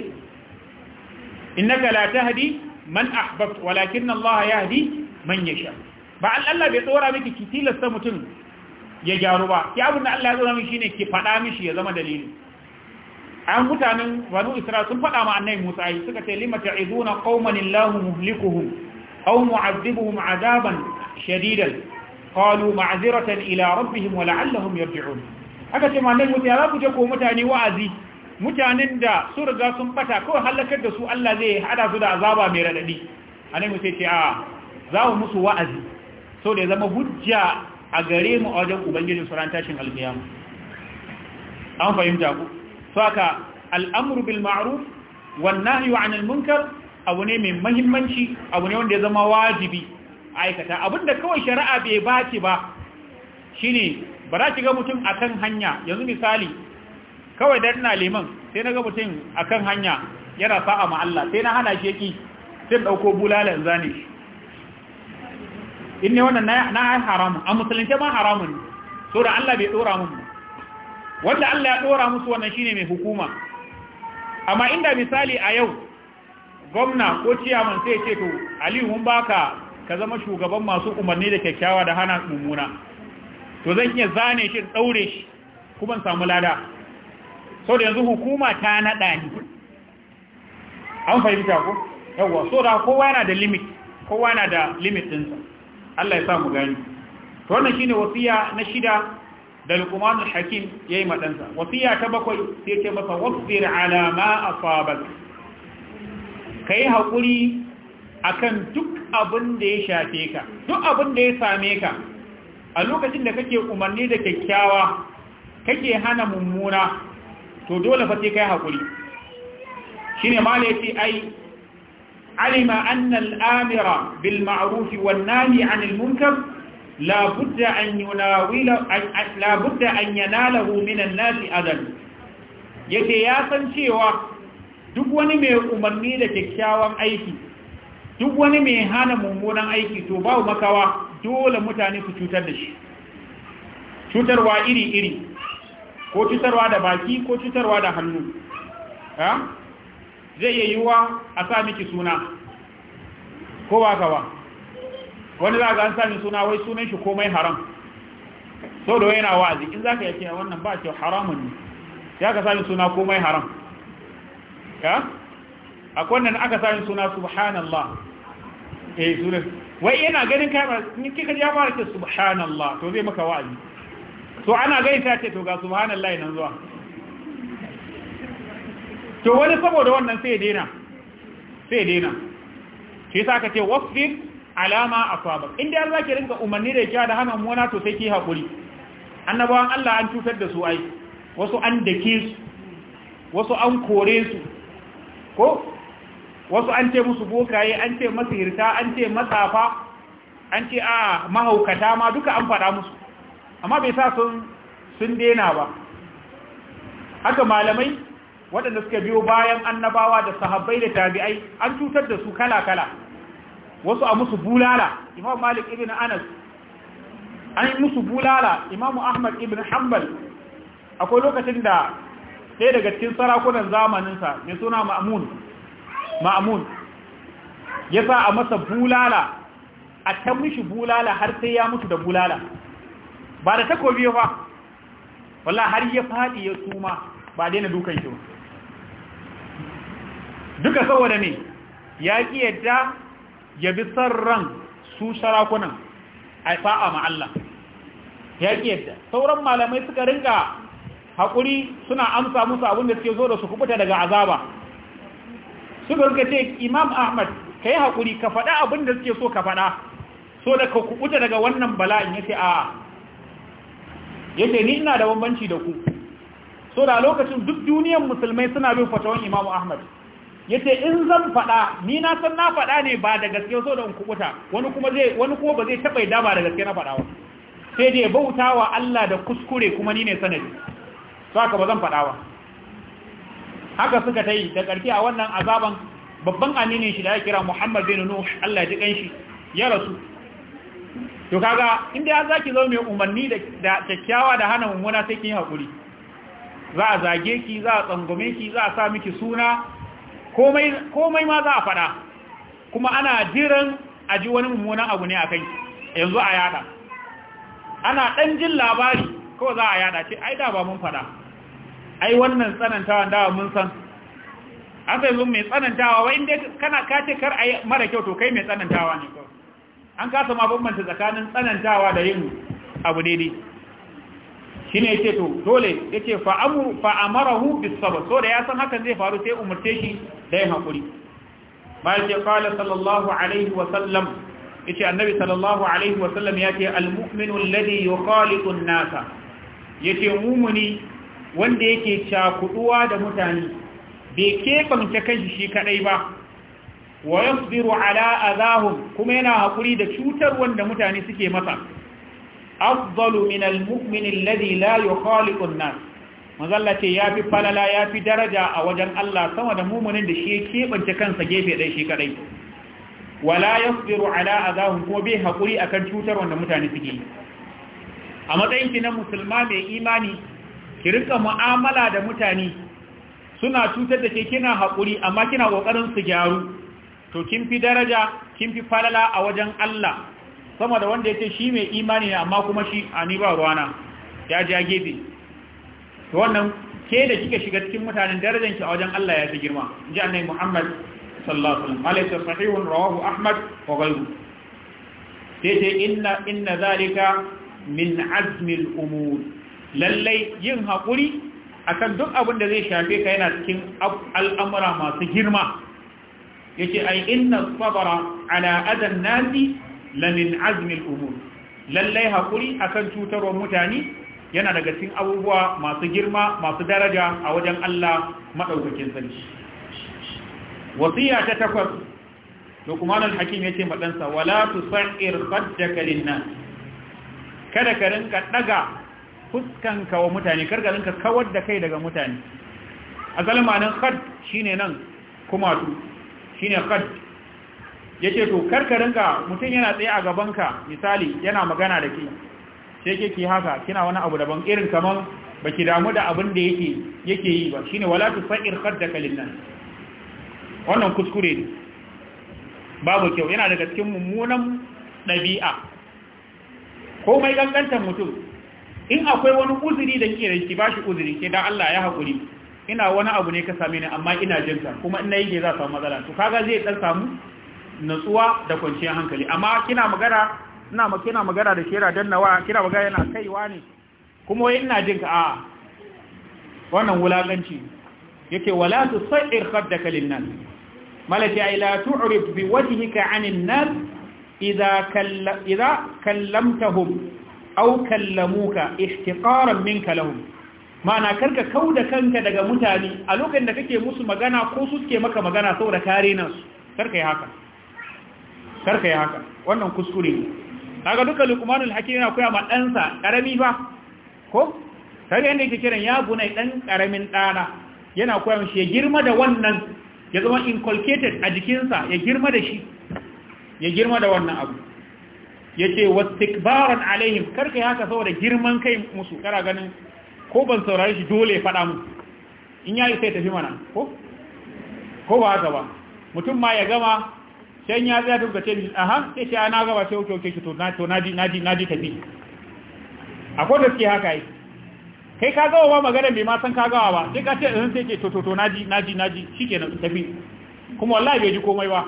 A: innaka la tahdi man ahbabta walakin Allah yahdi man yasha ba Allah bai tsora miki ki tilasta mutum ya gyaru ba ya abin da Allah ya zo mishi ne ke faɗa mishi ya zama dalili an mutanen banu isra sun faɗa ma annabi musa ai suka ce lima ta'izuna qauman illahu muhlikuhum aw mu'adhibuhum adaban shadidan qalu ma'ziratan ila rabbihim wa la'allahum yarji'un aka ce ma annabi ya ku je ko mutane wa'azi mutanen da su riga sun fata kawai halakar da su Allah zai hada su da azaba mai radadi annabi musa ce a za mu musu wa'azi so da ya zama hujja a gare mu a wajen ubangijin suran tashin alkiyama an fahimta ku to haka al'amru bil ma'ruf wan nahyu 'anil munkar abu ne mai muhimmanci abu ne wanda ya zama wajibi aikata abinda kawai shari'a bai baci ba shine ba za ki ga mutum akan hanya yanzu misali kawai dan ina liman sai na ga mutum akan hanya yana fa'a ma Allah sai na hana shi yaki sai dauko bulalan zane shi in ne wannan na ai haramun a musulunce ma haramun ne so da Allah bai dora mun wanda Allah ya dora musu wannan shine mai hukuma amma inda misali a yau gwamna ko ciyaman sai ce to Ali mun baka ka zama shugaban masu umarni da kyakkyawa da hana mummuna to zan iya zane shi daure shi kuma samu lada so da yanzu hukuma ta nada ni an fahimta ko yawa so da kowa yana da limit kowa yana da limit ɗinsa Allah ya sa mu gani to wannan shine wasiya na shida da Luqman al-Hakim yayi ma wasiya ta bakwai sai ya ce masa wasbir ala ma asabak kai hakuri akan duk abin da ya shafe ka duk abin da ya same ka a lokacin da kake umarni da kyakkyawa kake hana mummuna to dole fa sai kai hakuri shine malaiti ai علم أن الآمر بالمعروف والناهي عن المنكر لا بد أن يناول لا بد أن يناله من الناس yake ya san cewa duk wani mai umarni da kyakkyawan aiki duk wani mai hana mummunan aiki to babu makawa dole mutane su cutar da shi cutarwa iri-iri ko cutarwa da baki ko cutarwa da hannu zai iya yiwuwa a sa miki suna ko ba ka ba wani za ga an sami suna wai sunan shi komai haram so da yana wa'azi in za ka yake wannan ba ce haramun ne ya ka sami suna komai haram ya akwai wannan aka sami suna subhanallah eh sunan wai yana ganin kai ni kika ya fara ce subhanallah to zai maka wa'azi to ana gaisa ce to ga subhanallah nan zuwa to wani saboda wannan sai daina sai daina shi yasa aka ce wasfir alama asaba inda Allah ke rinka umarni da ya da hana mona to sai ki hakuri annabawan Allah an cutar da su ai wasu an dake su wasu an kore su ko wasu an ce musu bokaye an ce masihirta an ce matsafa an ce a mahaukata ma duka an faɗa musu amma bai sa sun sun dena ba haka malamai waɗanda suka biyo bayan annabawa da sahabbai da tabi'ai an cutar da su kala-kala wasu a musu bulala imam malik ibn anas an musu bulala imamu ahmad ibn hanbal akwai lokacin da ɗaya daga cikin sarakunan zamaninsa mai suna ma'amun ma'amun ya sa a masa bulala a can mishi bulala har sai ya mutu da bulala ba da takobi ba wallah har ya faɗi ya suma ba daina dukan shi ba duka saboda ne ya ƙi yadda ya bi san ran su sharakunan a sa'a ma Allah ya ƙi yadda sauran malamai suka rinka haƙuri suna amsa musu abinda suke zo da su kubuta daga azaba suka rinka ce imam ahmad ka yi haƙuri ka faɗa abinda suke so ka faɗa so da ka kubuta daga wannan bala'in ya ce a yake ni ina da bambanci da ku so da lokacin duk duniyar musulmai suna bin fatawan imamu ahmad Ya ce in zan faɗa ni na san na faɗa ne ba da gaske so da in kubuta wani kuma zai wani kuma ba zai taba yi dama da gaske na faɗa ba sai dai bautawa Allah da kuskure kuma ni ne sanadi to haka ba zan faɗa ba haka suka tai da ƙarfi a wannan azaban babban aminin shi da ya kira Muhammad bin Nuh Allah ya ji kanshi ya rasu to kaga inda ya zaki zo mai umarni da kyakkyawa da hana mummuna sai kin hakuri za a zage ki za a tsangume ki za a sa miki suna komai ma za a faɗa kuma ana jiran a ji wani mummunan abu ne a kai yanzu a yada ana ɗan jin labari ko za a yada ce ai da ba mun faɗa ai wannan tsanantawa da mun san an sai mai tsanantawa wa inda kana kace kar ai mara kyau to kai mai tsanantawa ne kawai an kasa ma bambanta tsakanin tsanantawa da yin abu daidai shine yace to dole yace fa amru fa amarahu so da ya san hakan zai faru sai umarce shi da yin hakuri bayan ce qala sallallahu alaihi wa ya yace annabi sallallahu alaihi wa ya yace al mu'minu alladhi yukhaliqu nasa ya yace mumuni wanda yake cakuduwa da mutane bai kefanta kanshi shi kadai ba wa yasbiru ala adahum kuma yana hakuri da cutar wanda mutane suke masa afdalu min almu'min alladhi la yukhaliqu an-nas mazalla ce yafi falala yafi daraja a wajen Allah sama da mumunin da shi ya kebance kansa gefe dai shi kadai wala yasbiru ala adahum kuma bai hakuri akan cutar wanda mutane suke a matsayin ki na musulma mai imani ki rika mu'amala da mutane suna cutar da ke kina hakuri amma kina kokarin su gyaru to kin fi daraja kin fi falala a wajen Allah sama da wanda ya ce shi mai imani ne amma kuma shi a ni ba ruwana ya ja gefe to wannan ke da kika shiga cikin mutanen darajar ki a wajen Allah ya fi girma ji annabi Muhammad sallallahu alaihi wasallam alaysa sahihun rawahu Ahmad wa ghayru sai ce inna inna zalika min azmi al-umur lallai yin hakuri akan duk abin da zai shafe ka yana cikin al'amura masu girma yace ai inna sabara ala adan nasi lamin azmin umur lallai hakuri akan cutarwar mutane yana daga cikin abubuwa masu girma masu daraja a wajen Allah madaukakin sarki wasiya ta takwas Luqman al-Hakim yace madansa wala tusair khaddaka lin-nas kada ka rinka ɗaga fuskanka wa mutane karka rinka kawar da kai daga mutane asalin ma'anin khad shine nan kuma tu shine khad ya ce to karkarinka mutum yana tsaye a gabanka misali yana magana da ke sai ke ke haka kina wani abu daban irin kamar ba ki damu da abin da yake yake yi ba shine wala tu da kalin nan wannan kuskure ne babu kyau yana daga cikin mummunan ɗabi'a komai gangantar mutum in akwai wani uzuri da ke da ki ba shi uzuri ke da Allah ya haƙuri ina wani abu ne ka same ni amma ina jinka kuma ina yi ke za samu matsala to kaga zai ɗan samu natsuwa da kwanciyar hankali amma kina magana ina ma kina magana da kira dannawa kina magana yana kaiwa ne kuma wai ina jin ka a wannan wulaganci yake wala sa'ir khaddaka nas malati ay la tu'rif bi wajhika 'anil nas idha kalla idha kallamtahum aw kallamuka ihtiqaran minka lahum ma'ana karka kauda kanka daga mutane a lokacin da kake musu magana ko su suke maka magana saboda kare nasu karka yi haka karka yi haka wannan kuskure ne kaga duka luqmanul hakim yana koya ma ɗansa karami ba ko kaga yanda yake kiran ya bunai dan karamin ɗana yana koya mishi ya girma da wannan ya zama inculcated a jikinsa ya girma da shi ya girma da wannan abu yace wastikbaran alaihim karka yi haka saboda girman kai musu kara ganin ko ban saurare shi dole ya faɗa mu in yayi sai tafi mana ko ko ba haka ba mutum ma ya gama sai ya tsaya da ce aha sai ce ana gaba ce wuce wuce to na to na ji na ji na ji tafi akwai da suke haka yi kai ka gawa ba magana bai ma san ka gawa ba sai ka ce in sai ce to to to na ji na ji na ji shikenan tafi kuma wallahi bai ji komai ba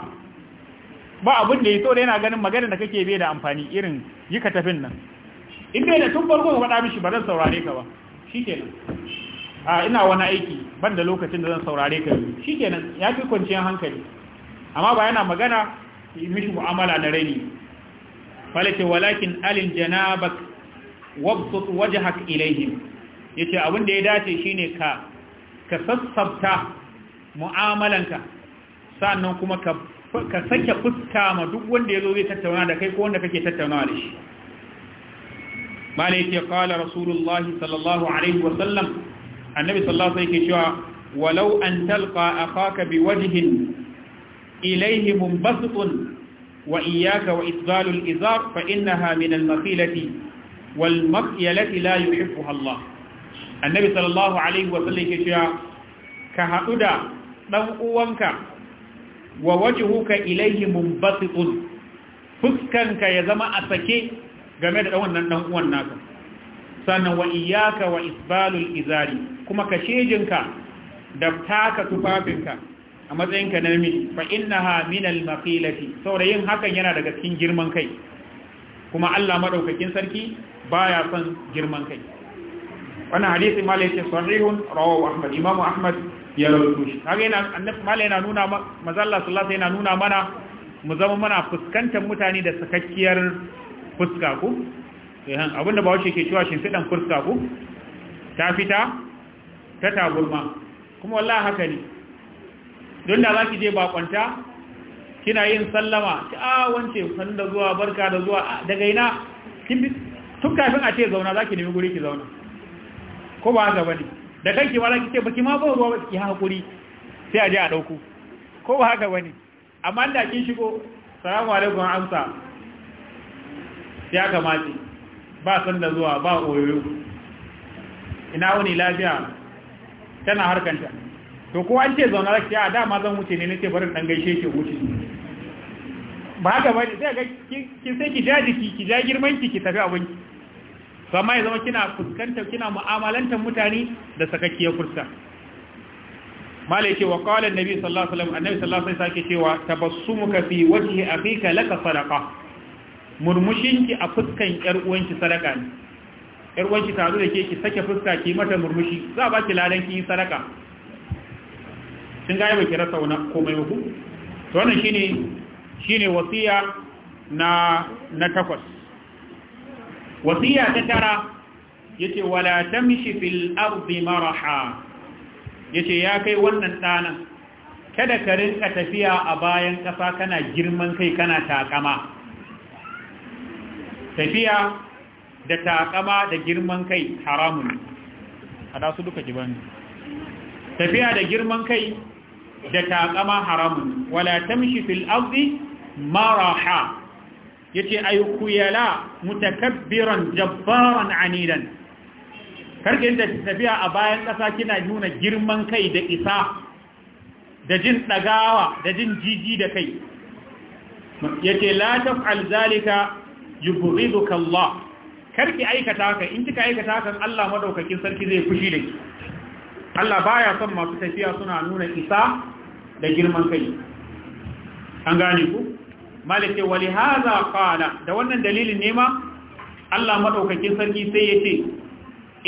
A: ba abin da ya so da yana ganin magana da kake bai da amfani irin yi ka tafin nan in bai da tun farko ka faɗa mishi ba zan saurare ka ba shikenan a ina wani aiki ban da lokacin da zan saurare ka shikenan ya fi kwanciyar hankali amma ba yana magana yi mishi mu'amala na raini falace walakin alil janabak wabsut wajhak ilaihim yace abin da ya dace shine ka ka sassabta mu'amalanka sannan kuma ka ka sake fuska ma duk wanda yazo zai tattauna da kai ko wanda kake tattaunawa da shi bala yace qala rasulullah sallallahu alaihi wa sallam annabi sallallahu alaihi wasallam yake cewa walau an talqa akhaka biwajhin ilaihi mumbasitun wa iyaka wa isbalul izar fa innaha min al-makhilati wal makyalati la yuhibbuha Allah annabi sallallahu alaihi wa sallam yake cewa ka haɗu da ɗan'uwanka. wa wajihu ka ilaihi mumbasitun fuskanka ya zama a sake game da wannan dan uwan naka sannan wa iyaka wa isbalul izari kuma ka shejinka da taka tufafinka a matsayinka na namiji fa innaha min al-maqilati saurayin hakan yana daga cikin girman kai kuma Allah madaukakin sarki baya son girman kai wannan hadisi mala yace sahihun rawahu Ahmad Imam Ahmad ya rawaito shi kaga yana annabi mala yana nuna mazalla sallallahu alaihi yana nuna mana mu zama mana fuskantar mutane da sakakkiyar fuska ku sai abinda ba wace ke cewa shin fidan fuska ku ta fita ta tagurma kuma wallahi haka ne don da za ki je bakwanta kina yin sallama a ah, wance san da zuwa barka da zuwa ah, daga ina tun kafin a ce zauna za ki nemi guri ki zauna ko ba haka bane da kanki ma za ki ce baki ma ba ruwa ki hakuri sai a je a dauko ko ba haka bane amma da kin shigo salamu alaikum amsa ya kamace ba san da zuwa ba oyoyo ina wani lafiya tana harkanta to ko an ce zauna zaki a dama zan wuce ne nace bari dan gaishe ki wuce ba haka bane sai ga ki sai ki jaji ki ki ja girman ki ki tafi abin ki amma ya zama kina fuskantar kina mu'amalantar mutane da sakakkiyar fuska malai ce wa qala annabi sallallahu alaihi wasallam annabi sallallahu alaihi wasallam sake cewa tabassumuka fi wajhi akhika laka sadaqa murmushinki a fuskan yar uwanki sadaka ne yar uwanki ta zo da ke ki sake fuska ki mata murmushi za ba ki ladan ki sadaka sun ga ba ki rasa wani komai ba ku to wannan shine shine wasiya na na takwas wasiya ta tara yace wala tamshi fil ardi maraha yace ya kai wannan dana kada ka rinka tafiya a bayan kafa kana girman kai kana takama tafiya da takama da girman kai haramun a su duka giban tafiya da girman kai da takama haramun wala tamshi fil ardi maraha yace yala mutakabbiran jabbaran anidan karkin da tafiya a bayan ƙasa kina nuna girman kai da isa da jin ɗagawa da jin jiji da kai yace la taf'al zalika yubghiduka Allah karki aikata ka, in kika aikata kan Allah madaukakin sarki zai fushi da ki Allah baya son masu tafiya suna nuna isa da girman kai an gani ku malike wali haza qala da wannan dalilin ne ma Allah madaukakin sarki sai ya ce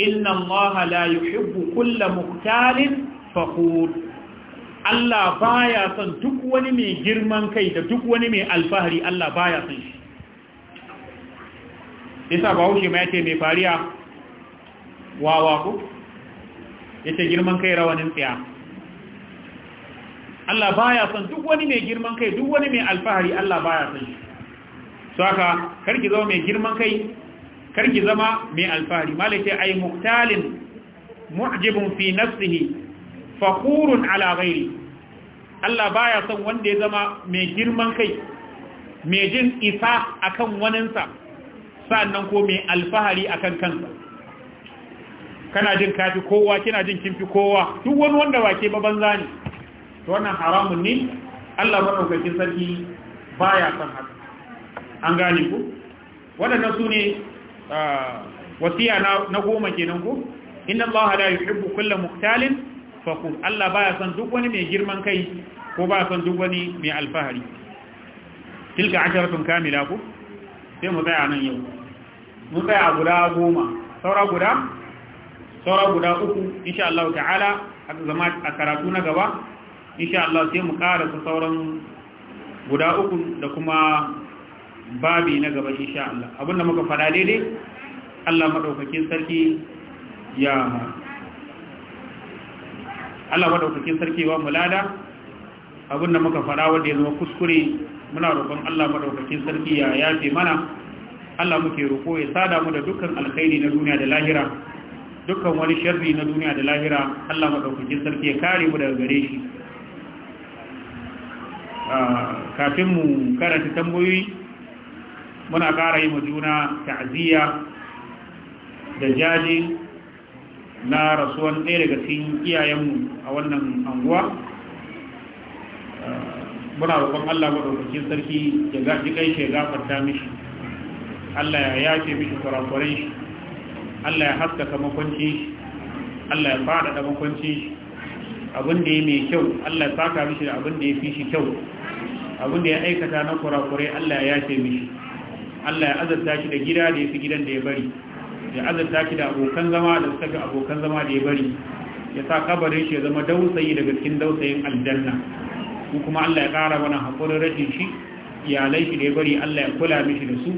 A: inna Allah la yuhibbu kull muqtalin fakhur Allah baya son duk wani mai girman kai da duk wani mai alfahari Allah baya son shi yasa ba hauke ma ce mai fariya wawa ku yace girman kai rawanin tsiya Allah baya son duk wani mai girman kai duk wani mai alfahari Allah baya son shi so haka ki zama mai girman kai kar ki zama mai alfahari malaka ay muqtalin mu'jibun fi nafsihi fakhurun ala ghairi Allah baya son wanda ya zama mai girman kai mai jin isa akan waninsa sannan ko mai alfahari akan kansa kana jin kafi kowa kina jin kin fi kowa duk wani wanda wake ba banza ne to wannan haramun ne Allah madaukakin sarki baya san haka an gane ku wadannan su ne ah, wasiya na goma kenan ku inna Allah la yuhibbu kulla muktalin fakur Allah baya san duk wani mai girman kai ko baya san duk wani mai alfahari tilka asharatun kamila ku sai mu tsaya nan yau mu tsaya guda goma saura guda saura guda uku insha Allah ta'ala a zama a karatu na gaba insha Allah sai mu ƙara su sauran guda uku da kuma babi na gaba insha Allah abinda muka fada daidai Allah madaukakin sarki ya Allah madaukakin sarki wa mulada abinda muka fada wanda ya zama kuskure muna roƙon Allah madaukakin sarki ya yafe mana Allah muke roƙo ya sada mu da dukkan alkhairi na duniya da lahira dukkan wani sharri na duniya da lahira Allah madaukakin sarki ya kare mu daga gare shi ah, kafin mu karanta tambayoyi muna ƙara yi juna ta'aziyya da jaji na rasuwan ɗaya daga cikin iyayenmu a wannan anguwa ah, muna roƙon Allah maɗaukakin sarki ya shi kai shi ya gafarta mishi Allah ya yafe mishi kurakuren shi Allah ya haskaka makwanci Allah ya faɗaɗa makwanci abin da ya mai kyau Allah ya saka mishi da abin da ya fi shi kyau abin da ya aikata na kurakurai Allah ya yace mishi Allah ya azarta shi da gida da ya fi gidan da ya bari ya azarta shi da abokan zama da saka abokan zama da ya bari ya sa kabarin shi ya zama dausayi daga cikin dausayin aljanna ko kuma Allah ya ƙara mana haƙurin rashin shi iyalai shi da ya bari Allah ya kula mishi da su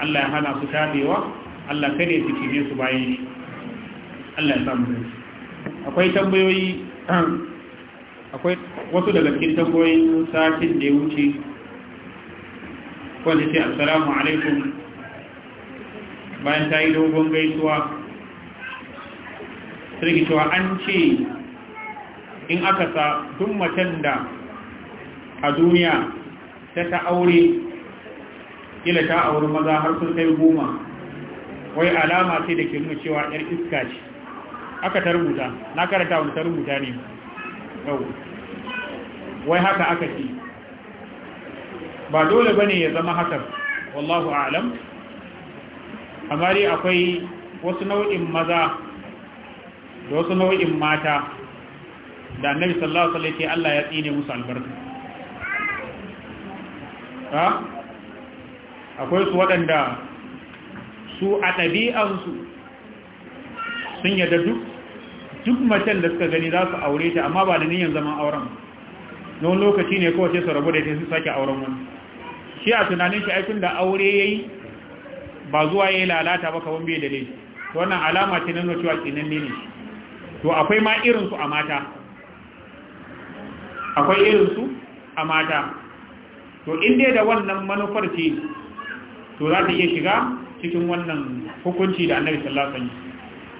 A: Allah ya hana su tabewa Allah kada ya fice su bayan shi Allah ya samu dace akwai tambayoyi [CLEARS THROAT] akwai wasu daga cikin tambayoyin satin da ya wuce kwanci ce assalamu alaikum bayan ta yi dogon gaisuwa sirki cewa an ce in aka sa duk macen da a duniya ta ta aure kila ta auri maza har sun kai goma wai alama sai da ke nuna cewa yar iska ce aka ta rubuta na karanta wani ta rubuta ne yau wai haka aka ce ba dole bane ya zama haka wallahu a'lam amma dai akwai wasu nau'in maza da wasu nau'in mata da annabi sallallahu alaihi wasallam Allah ya tsine musu albarka ha akwai su waɗanda su a ɗabi'ansu sun yadda duk duk macen da suka gani za su aure ta amma ba da niyan zaman auren na wani lokaci ne kawai sai su rabu da ita su sake auren wani shi a tunanin shi aikin da aure ya yi ba zuwa ya yi lalata ba kawai bai da laifi wannan alama ce nuna cewa tsinanne ne to akwai ma irinsu a mata akwai irinsu a mata to inda da wannan manufar ce to za ta iya shiga cikin wannan hukunci da annabi sallallahu alaihi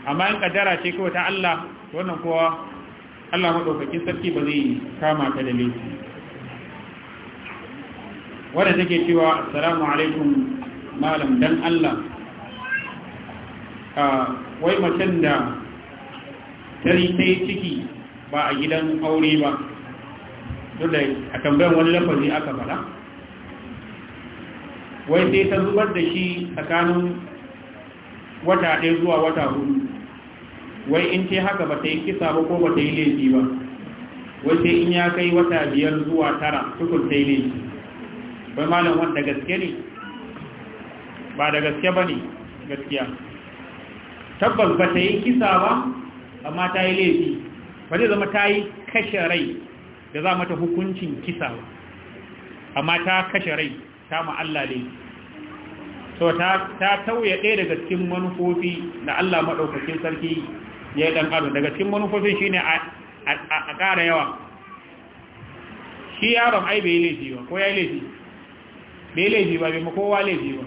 A: amma in kaddara ce kawai ta Allah wannan kowa Allah madaukakin sarki ba zai kama ta da laifi wanda take cewa assalamu alaikum malam dan Allah ah, wai macen da tari ta ciki ba a gidan aure ba duk da a tambayan wani lafazi aka faɗa wai sai ta zubar da shi tsakanin wata ɗaya zuwa wata hudu wai in ce haka ba ta yi kisa ba ko ba ta yi laifi ba wai sai in ya kai wata biyar zuwa tara tukun ta yi laifi wai malam wanda gaske ne ba da gaske ba ne gaskiya tabbas ba ta yi kisa ba amma ta yi laifi ba zai zama ta yi kashe rai da za mata hukuncin kisa ba amma ta kashe rai Kama Allah ne to ta ta tauye ɗaya daga cikin manufofi da Allah madaukakin sarki ya yi dan adam daga cikin manufofin shine a ƙara yawa shi yaron ai bai laifi ba ko ya laifi bai laifi ba bai kowa laifi ba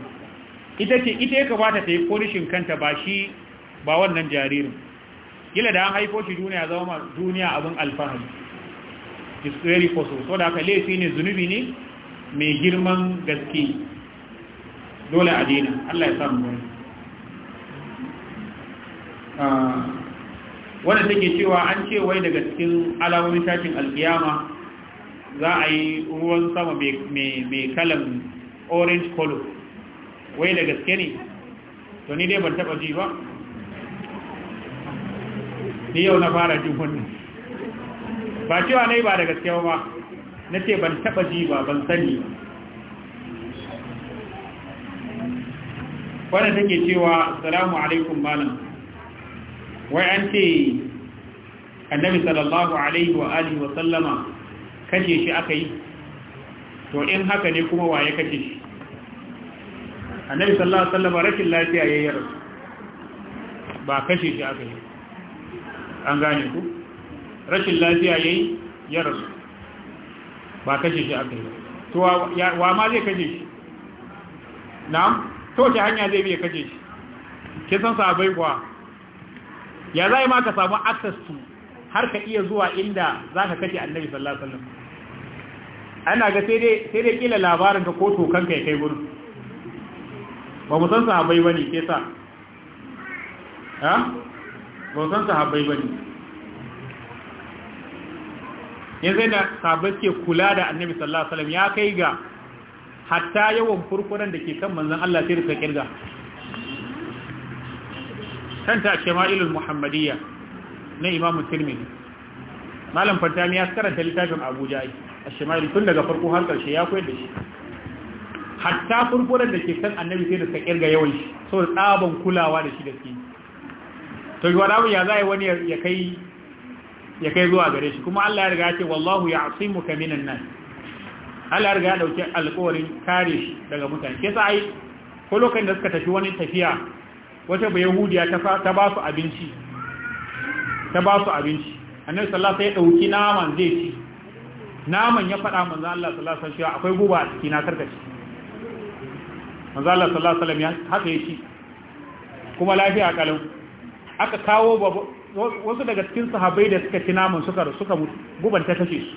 A: ita ce ita ya kamata ta yi korishin kanta ba shi ba wannan jaririn gila da an haifo shi duniya zama duniya abin alfahari is very possible so da aka laifi ne zunubi ne mai girman gaske dole a dina Allah ya samu wani ah, wanda take cewa an ce wai daga cikin alamomin tashin alkiyama za a yi ruwan sama mai kalan orange color wai da gaske ne to ni dai ban taba ji ba ni yau na fara jin wannan ba cewa na yi ba da gaske ba na ce ban taɓa ji ba ban sani ba wadda take cewa salamu alaikum malam wai an ce annabi sallallahu alaihi wa alihi wa sallama kashe shi aka yi to in haka ne kuma waye kashe shi annabi sallallahu alaihi wa sallama rashin lafiya ya yi ba kashe shi aka yi an gane ku rashin lafiya ya yi ya rasu ba kashe shi aka yi to wa ma zai kashe shi na'am to ce hanya zai biya kashe shi ke san sabai kuwa ya zai ma ka samu access to har ka iya zuwa inda za ka kashe annabi sallallahu alaihi wasallam ana ga sai dai sai dai kila labarin ka ko kanka ya kai gurin ba mu san sabai bane ke sa ha ba mu san sabai bane yanzu da sahabbai suke kula da annabi sallallahu alaihi wasallam ya kai ga hatta yawan furfuran da ke kan manzon Allah sai da kirga kanta shama'ilul muhammadiyya na imam tirmidhi malam fantami ya karanta littafin abuja a shama'il tun daga farko har karshe ya koyar da shi hatta furfuran da ke kan annabi sai da suka kirga yawan shi saboda tsaban kulawa da shi da shi. to yi ya za wani ya kai ya kai zuwa gare shi kuma Allah ya riga ya ce wallahu ya'simuka minan nas Allah ya riga ya dauki alƙawarin kare shi daga mutane ke sai ko lokacin da suka tafi wani tafiya wata bai yahudiya ta ba su abinci ta ba su abinci annabi sallallahu alaihi wasallam ya dauki naman zai ci naman ya faɗa manzo Allah sallallahu alaihi wasallam akwai guba a ciki na shi manzo Allah sallallahu alaihi wasallam haka ya shi kuma lafiya kalau aka kawo wasu daga cikin sahabai da suka ci naman suka suka mutu guban ta kashe su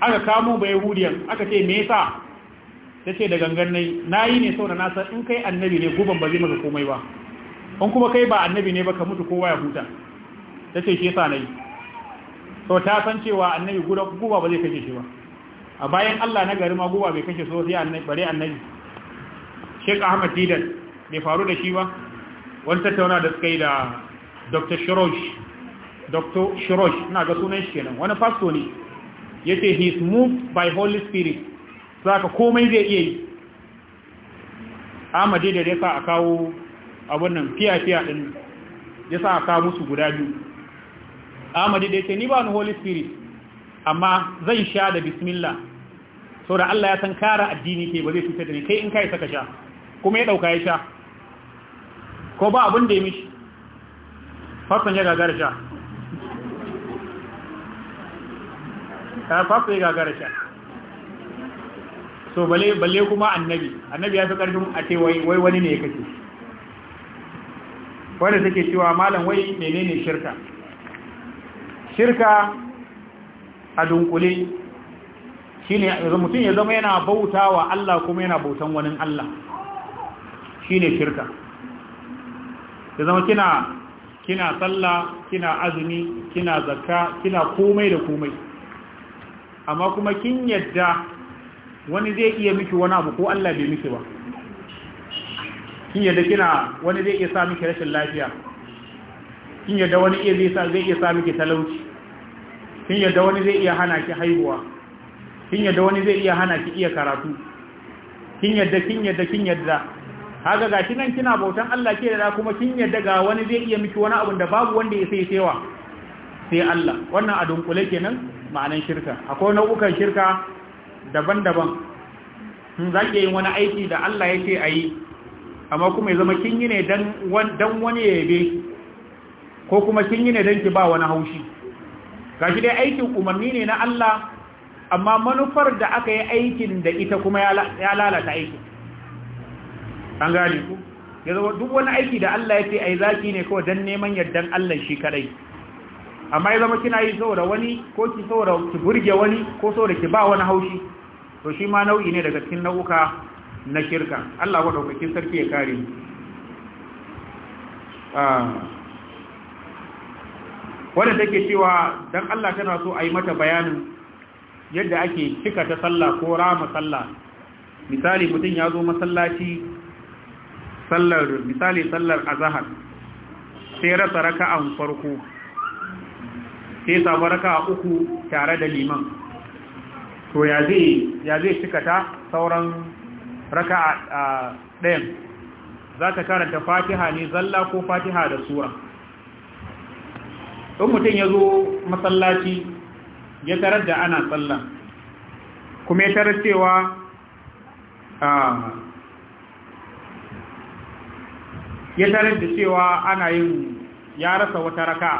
A: aka kamo ba yahudiyan aka ce me yasa tace da gangan nayi nayi ne saboda na san in kai annabi ne guban ba zai maka komai ba in kuma kai ba annabi ne ba ka mutu kowa ya huta tace shi yasa nayi to ta san cewa annabi guba ba zai kashe shi ba a bayan Allah na gari ma guba bai kashe so sai annabi bare annabi Sheikh Ahmad Didan bai faru da shi ba wani tattauna da suka yi da dr shirosh dr shirosh na ga sunan shi kenan wani pastor ne ya ce he is moved by holy spirit za ka komai zai iya yi amade da ya sa a kawo abin nan fiya-fiya ɗin ya sa a kawo musu guda biyu amade da ya ce ni ba ni holy spirit amma zai sha da bismillah sau da Allah ya san kara addini ke ba zai cuta da ni kai in kai saka sha kuma ya ɗauka ya sha ko ba abin da ya mishi fakon ya gagara sha ta fakon ya gagara sha so balle kuma annabi annabi ya fi karfin a ce wai wani ne ya kace wani suke cewa malam wai menene shirka shirka a dunkule shine mutum ya zama yana bauta wa Allah kuma yana bautan wani Allah shine shirka ya zama kina kina sallah kina azumi kina zakka kina komai da komai amma kuma kin yadda wani zai iya miki wani abu ko Allah bai miki ba kin yadda kina wani zai iya sa miki rashin lafiya kin yadda wani iya zai sa zai iya sa miki talauci kin yadda wani zai iya hana ki haihuwa kin yadda wani zai iya hana ki iya karatu kin yadda kin yadda kin yadda kaga gashi nan kina bautan Allah ke da kuma kin yadda ga wani zai iya miki wani abu da babu wanda ya sai sewa sai Allah wannan a dunkule kenan ma'anan shirka akwai nau'ukan shirka daban-daban sun zake yi wani aiki da Allah ya ce a yi amma kuma ya zama kin yi ne dan wani yabe ko kuma kin yi ne dan ki ba wani haushi gashi dai aikin umarni ne na Allah amma manufar da aka yi aikin da ita kuma ya lalata aikin an gane ku ya zama duk wani aiki da Allah ya ce a yi zaki ne kawai don neman yardan Allah shi kadai amma ya zama kina yi saboda wani ko ki saboda ki burge wani ko saboda ki ba wani haushi to shi ma nau'i ne daga cikin nau'uka na shirka Allah wa ɗaukakin sarki ya kare mu ah. wanda take cewa dan Allah tana so a yi mata bayanin yadda ake cika ta sallah ko rama sallah misali mutum ya zo masallaci sallar misali sallar azahar sai rasa raka'an farko sai samu raka'a uku tare da liman to ya zai cika ta sauran raka'a ɗayan za ta karanta fatiha ne zalla ko fatiha da sura in mutum ya zo masallaci ya tarar da ana tsalla. kuma ya tarar cewa ya tarar da cewa ana yin ya rasa wata raka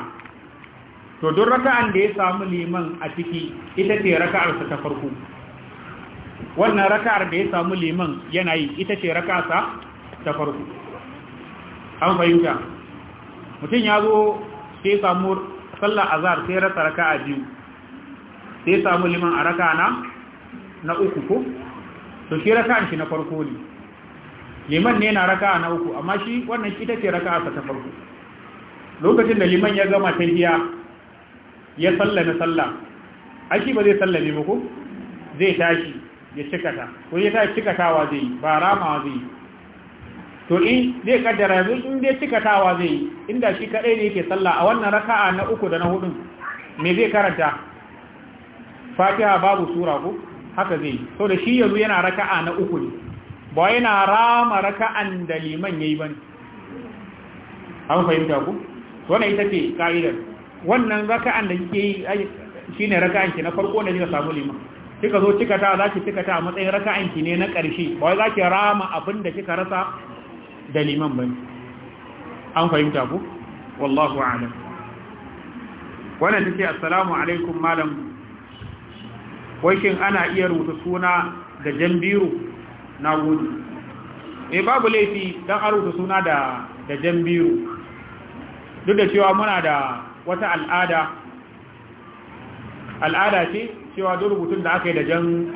A: to duk raka'an da ya samu liman a ciki ita ce sa ta farko wannan raka'ar da ya samu liman yana yi ita ce raka'arsa ta farko an fahimta mutum ya zo sai ya samu sallar azhar sai rasa raka'a biyu sai ya samu liman a raka'a na uku ko to shi raka'an shi na farko ne liman ne na raka'a na uku amma shi wannan ita ce a ta farko lokacin da liman ya gama ta tahiyya ya na sallah ashi ba zai salla ba muku zai tashi ya cikata ko ya tashi cikatawa zai yi ba ramawa zai yi to in zai kaddara yanzu in zai cikatawa zai yi inda shi kaɗai ne yake sallah a wannan raka'a na uku da na hudun me zai karanta fatiha babu sura ko haka zai yi da shi yanzu yana raka'a na uku ne ba yana rama raka'an da liman yayi bane an fahimta ku wannan ita ce ka'idar wannan raka'an da kike yi shine raka'an ki na farko da kika samu liman kika zo kika ta zaki kika ta a matsayin raka'an ki ne na ƙarshe ba wai zaki rama abin da kika rasa da liman bane an fahimta ku wallahu a'lam wannan take assalamu alaikum malam wai shin ana iya rubuta suna da jan biro na gode eh babu laifi dan aruta suna da da jambiru duk da cewa muna da wata al'ada al'ada ce cewa duk rubutun da aka yi da jan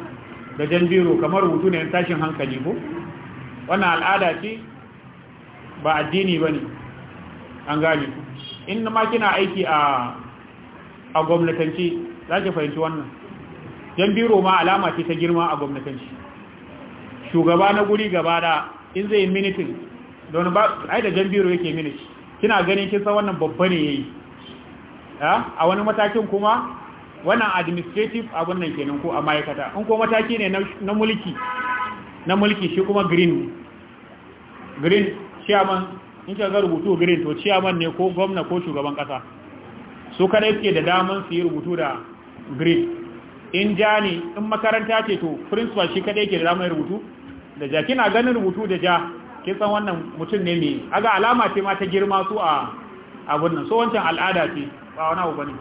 A: da biro kamar rubutu ne tashin hankali ko wannan al'ada ce ba addini ba ne an gane in ma kina aiki a a gwamnatanci za ki fahimci wannan jan biro ma alama ce ta girma a gwamnatanci shugaba na guri gaba da in zai minitin don ba ai da jambiro yake miniti kina ganin kin san wannan babba ne yayi ah, a wani matakin kuma wannan administrative abun nan kenan ko a ma'aikata in ko mataki ne na mulki na mulki shi kuma green green chairman in ka ga rubutu green to chairman ne ko gwamna ko shugaban kasa su kada yake da daman su yi rubutu da green in ja ne in makaranta ce to principal shi kada yake da daman rubutu da ja kina ganin rubutu da ja kin san wannan mutum ne me aga alama ce ma ta girma su a abun nan so wancan al'ada ce ba wani abu bane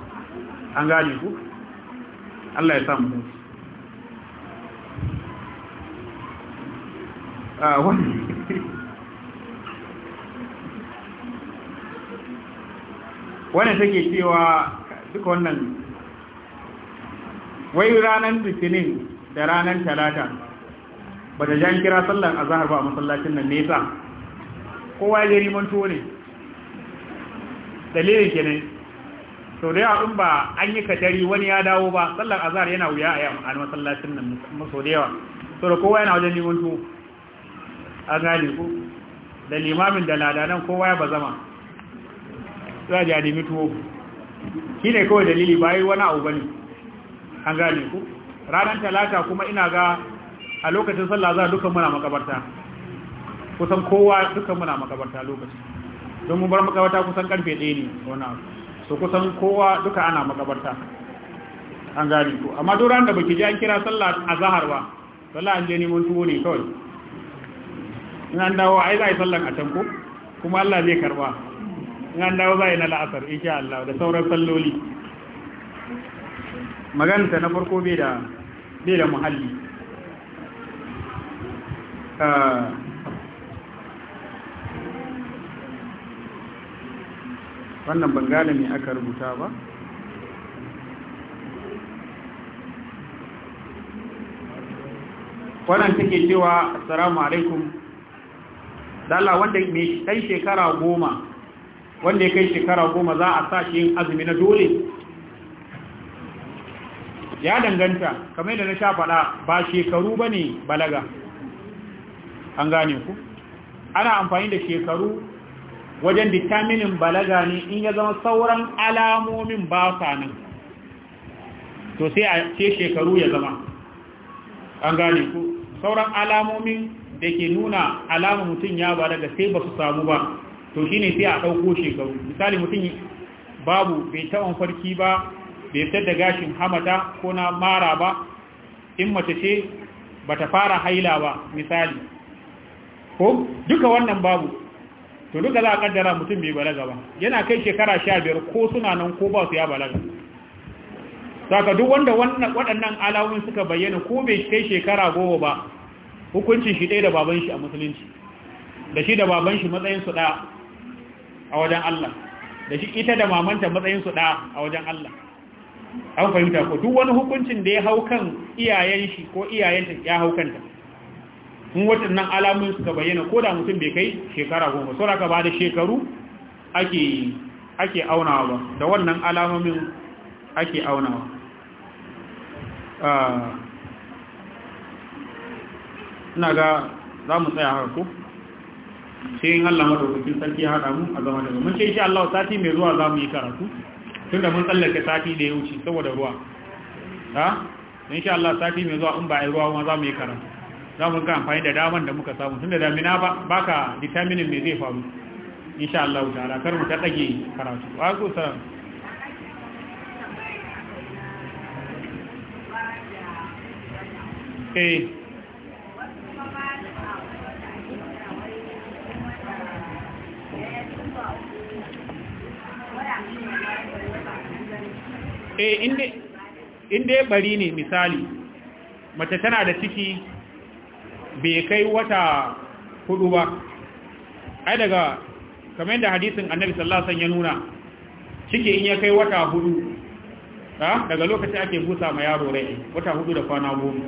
A: an gane ku Allah ya samu a ah, wani wani take cewa duka wannan wai ranar litinin da ranar talata ba da jan kira sallar zahar ba a masallacin nan nesa kowa ya rimanto ne dalilin kenan sau da yawa in ba an yi katari wani ya dawo ba sallar zahar yana wuya a yamma a masallacin nan maso da yawa sau da kowa yana wajen rimanto a gane ku da limamin da ladanan kowa ya ba zama za a ji a nemi tuwo shi ne kawai dalili bayi wani abu ba ne an gane ku ranar talata kuma ina ga a lokacin sallah za dukan muna makabarta kusan kowa dukan muna makabarta lokaci don mun bar makabarta kusan karfe ɗaya ne wani abu so kusan kowa duka ana makabarta an gani ko amma duk ran da baki ji an kira sallah a zahar ba sallah an je neman tuwo ne kawai in an dawo ai za a yi sallan a can ko kuma Allah zai karba in an dawo za a yi na la'asar insha Allah da sauran salloli maganta na farko bai da muhalli Ah.
B: wannan bangala
A: ne aka rubuta ba wannan take cewa assalamu alaikum dala wanda mai kai shekara goma wanda ya kai shekara goma za a sa shi yin azumi na dole ya danganta kamar da na sha faɗa ba shekaru ba ne balaga an gane ku ana amfani da shekaru wajen determinin balaga ne in ya zama sauran alamomin ba sa nan to sai a ce shekaru ya zama an gane ku sauran alamomin da ke nuna alamun mutum ya balaga sai ba su samu ba to ne sai a ɗauko shekaru misali mutum babu bai taɓon farki ba bai fitar da gashin hamata ko na mara ba in mace ce ba ta fara haila ba misali ko duka wannan babu to duka za a kaddara mutum bai balaga ba yana kai shekara sha biyar ko suna nan ko ba su ya balaga saka duk wanda waɗannan alawun suka bayyana ko bai kai shekara goma ba hukuncin shi ɗaya da baban shi a musulunci da shi da baban shi matsayin su ɗaya a wajen Allah da shi ita da mamanta matsayin su ɗaya a wajen Allah an fahimta ko duk wani hukuncin da ya hau kan iyayen shi ko iyayenta ya hau kanta in waɗannan alamun suka bayyana ko da mutum bai kai shekara goma sau ka ba da shekaru ake auna aunawa ba da wannan alamomin ake aunawa ah, ina ga za mu tsaya haka ko sai yin Allah madaukakin sarki ya haɗa mu a zama daga mun ce shi Allah sati mai zuwa za mu yi karatu tun da mun tsallake sati da ya wuce saboda ruwa ha ah, sha Allah sati mai zuwa in ba a yi ruwa ma za mu yi karatu za mu ga amfani da daman da muka samu tun da damina ba baka determinin me zai faru insha Allah ta ala mu ta dage karatu wa ku salam eh eh inda inde bari ne misali mace tana da ciki bai kai wata hudu ba ai daga kamar yadda hadisin annabi sallallahu alaihi wasallam ya nuna cike in ya kai wata hudu daga lokaci ake busa ma yaro rai wata hudu da kwana goma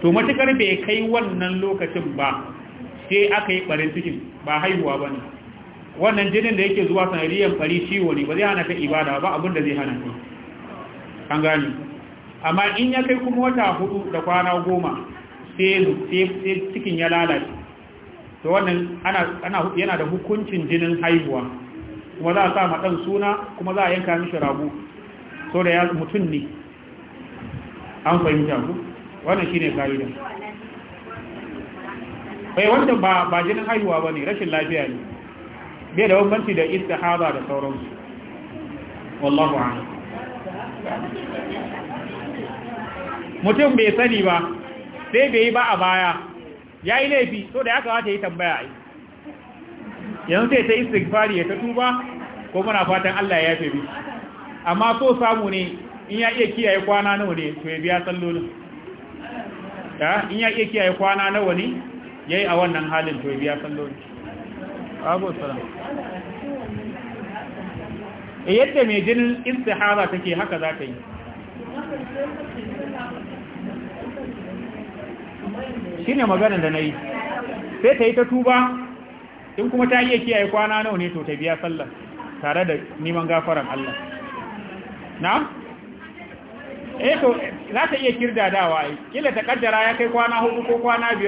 A: to matukar bai kai wannan lokacin ba sai aka yi barin cikin ba haihuwa ba ne wannan jinin da yake zuwa sanadiyyar fari ciwo ne ba zai hana ka ibada ba abin da zai hana ka an gani amma in ya kai kuma wata hudu da kwana goma sai cikin ya lalace to wannan yana da hukuncin jinin haihuwa kuma za a sa matan suna kuma za a yanka mishi rabu so da ya mutum ne an fahimta ku wannan shine ne ka'ida bai eh, wanda ba jinin haihuwa ba ne rashin lafiya ne bai da wambanci da istihaba da sauransu wallahu a'lam
B: mutum bai sani ba sai bai yi ba
A: a baya ya yi laifi so da ya kamata yi tambaya yi yanzu sai ta istighfari ya ta tuba ko muna fatan Allah ya yafe bi? amma so samu ne in ya iya kiyaye kwana nawa ne to ya biya sallolin ta in ya iya kiyaye kwana nawa ne yayi a wannan halin to ya biya sallolin abu salam eh, yadda mai jinin istihara take haka za ta yi
B: ne maganin da na yi, sai
A: ta yi ta tuba in kuma ta iya kiyaye kwana nawa ne to ta biya sallah tare da neman gafaran Allah na
B: e eh to za ta iya kirdadawa ai kila ta kaddara ya kai kwana hudu ko kwana biyar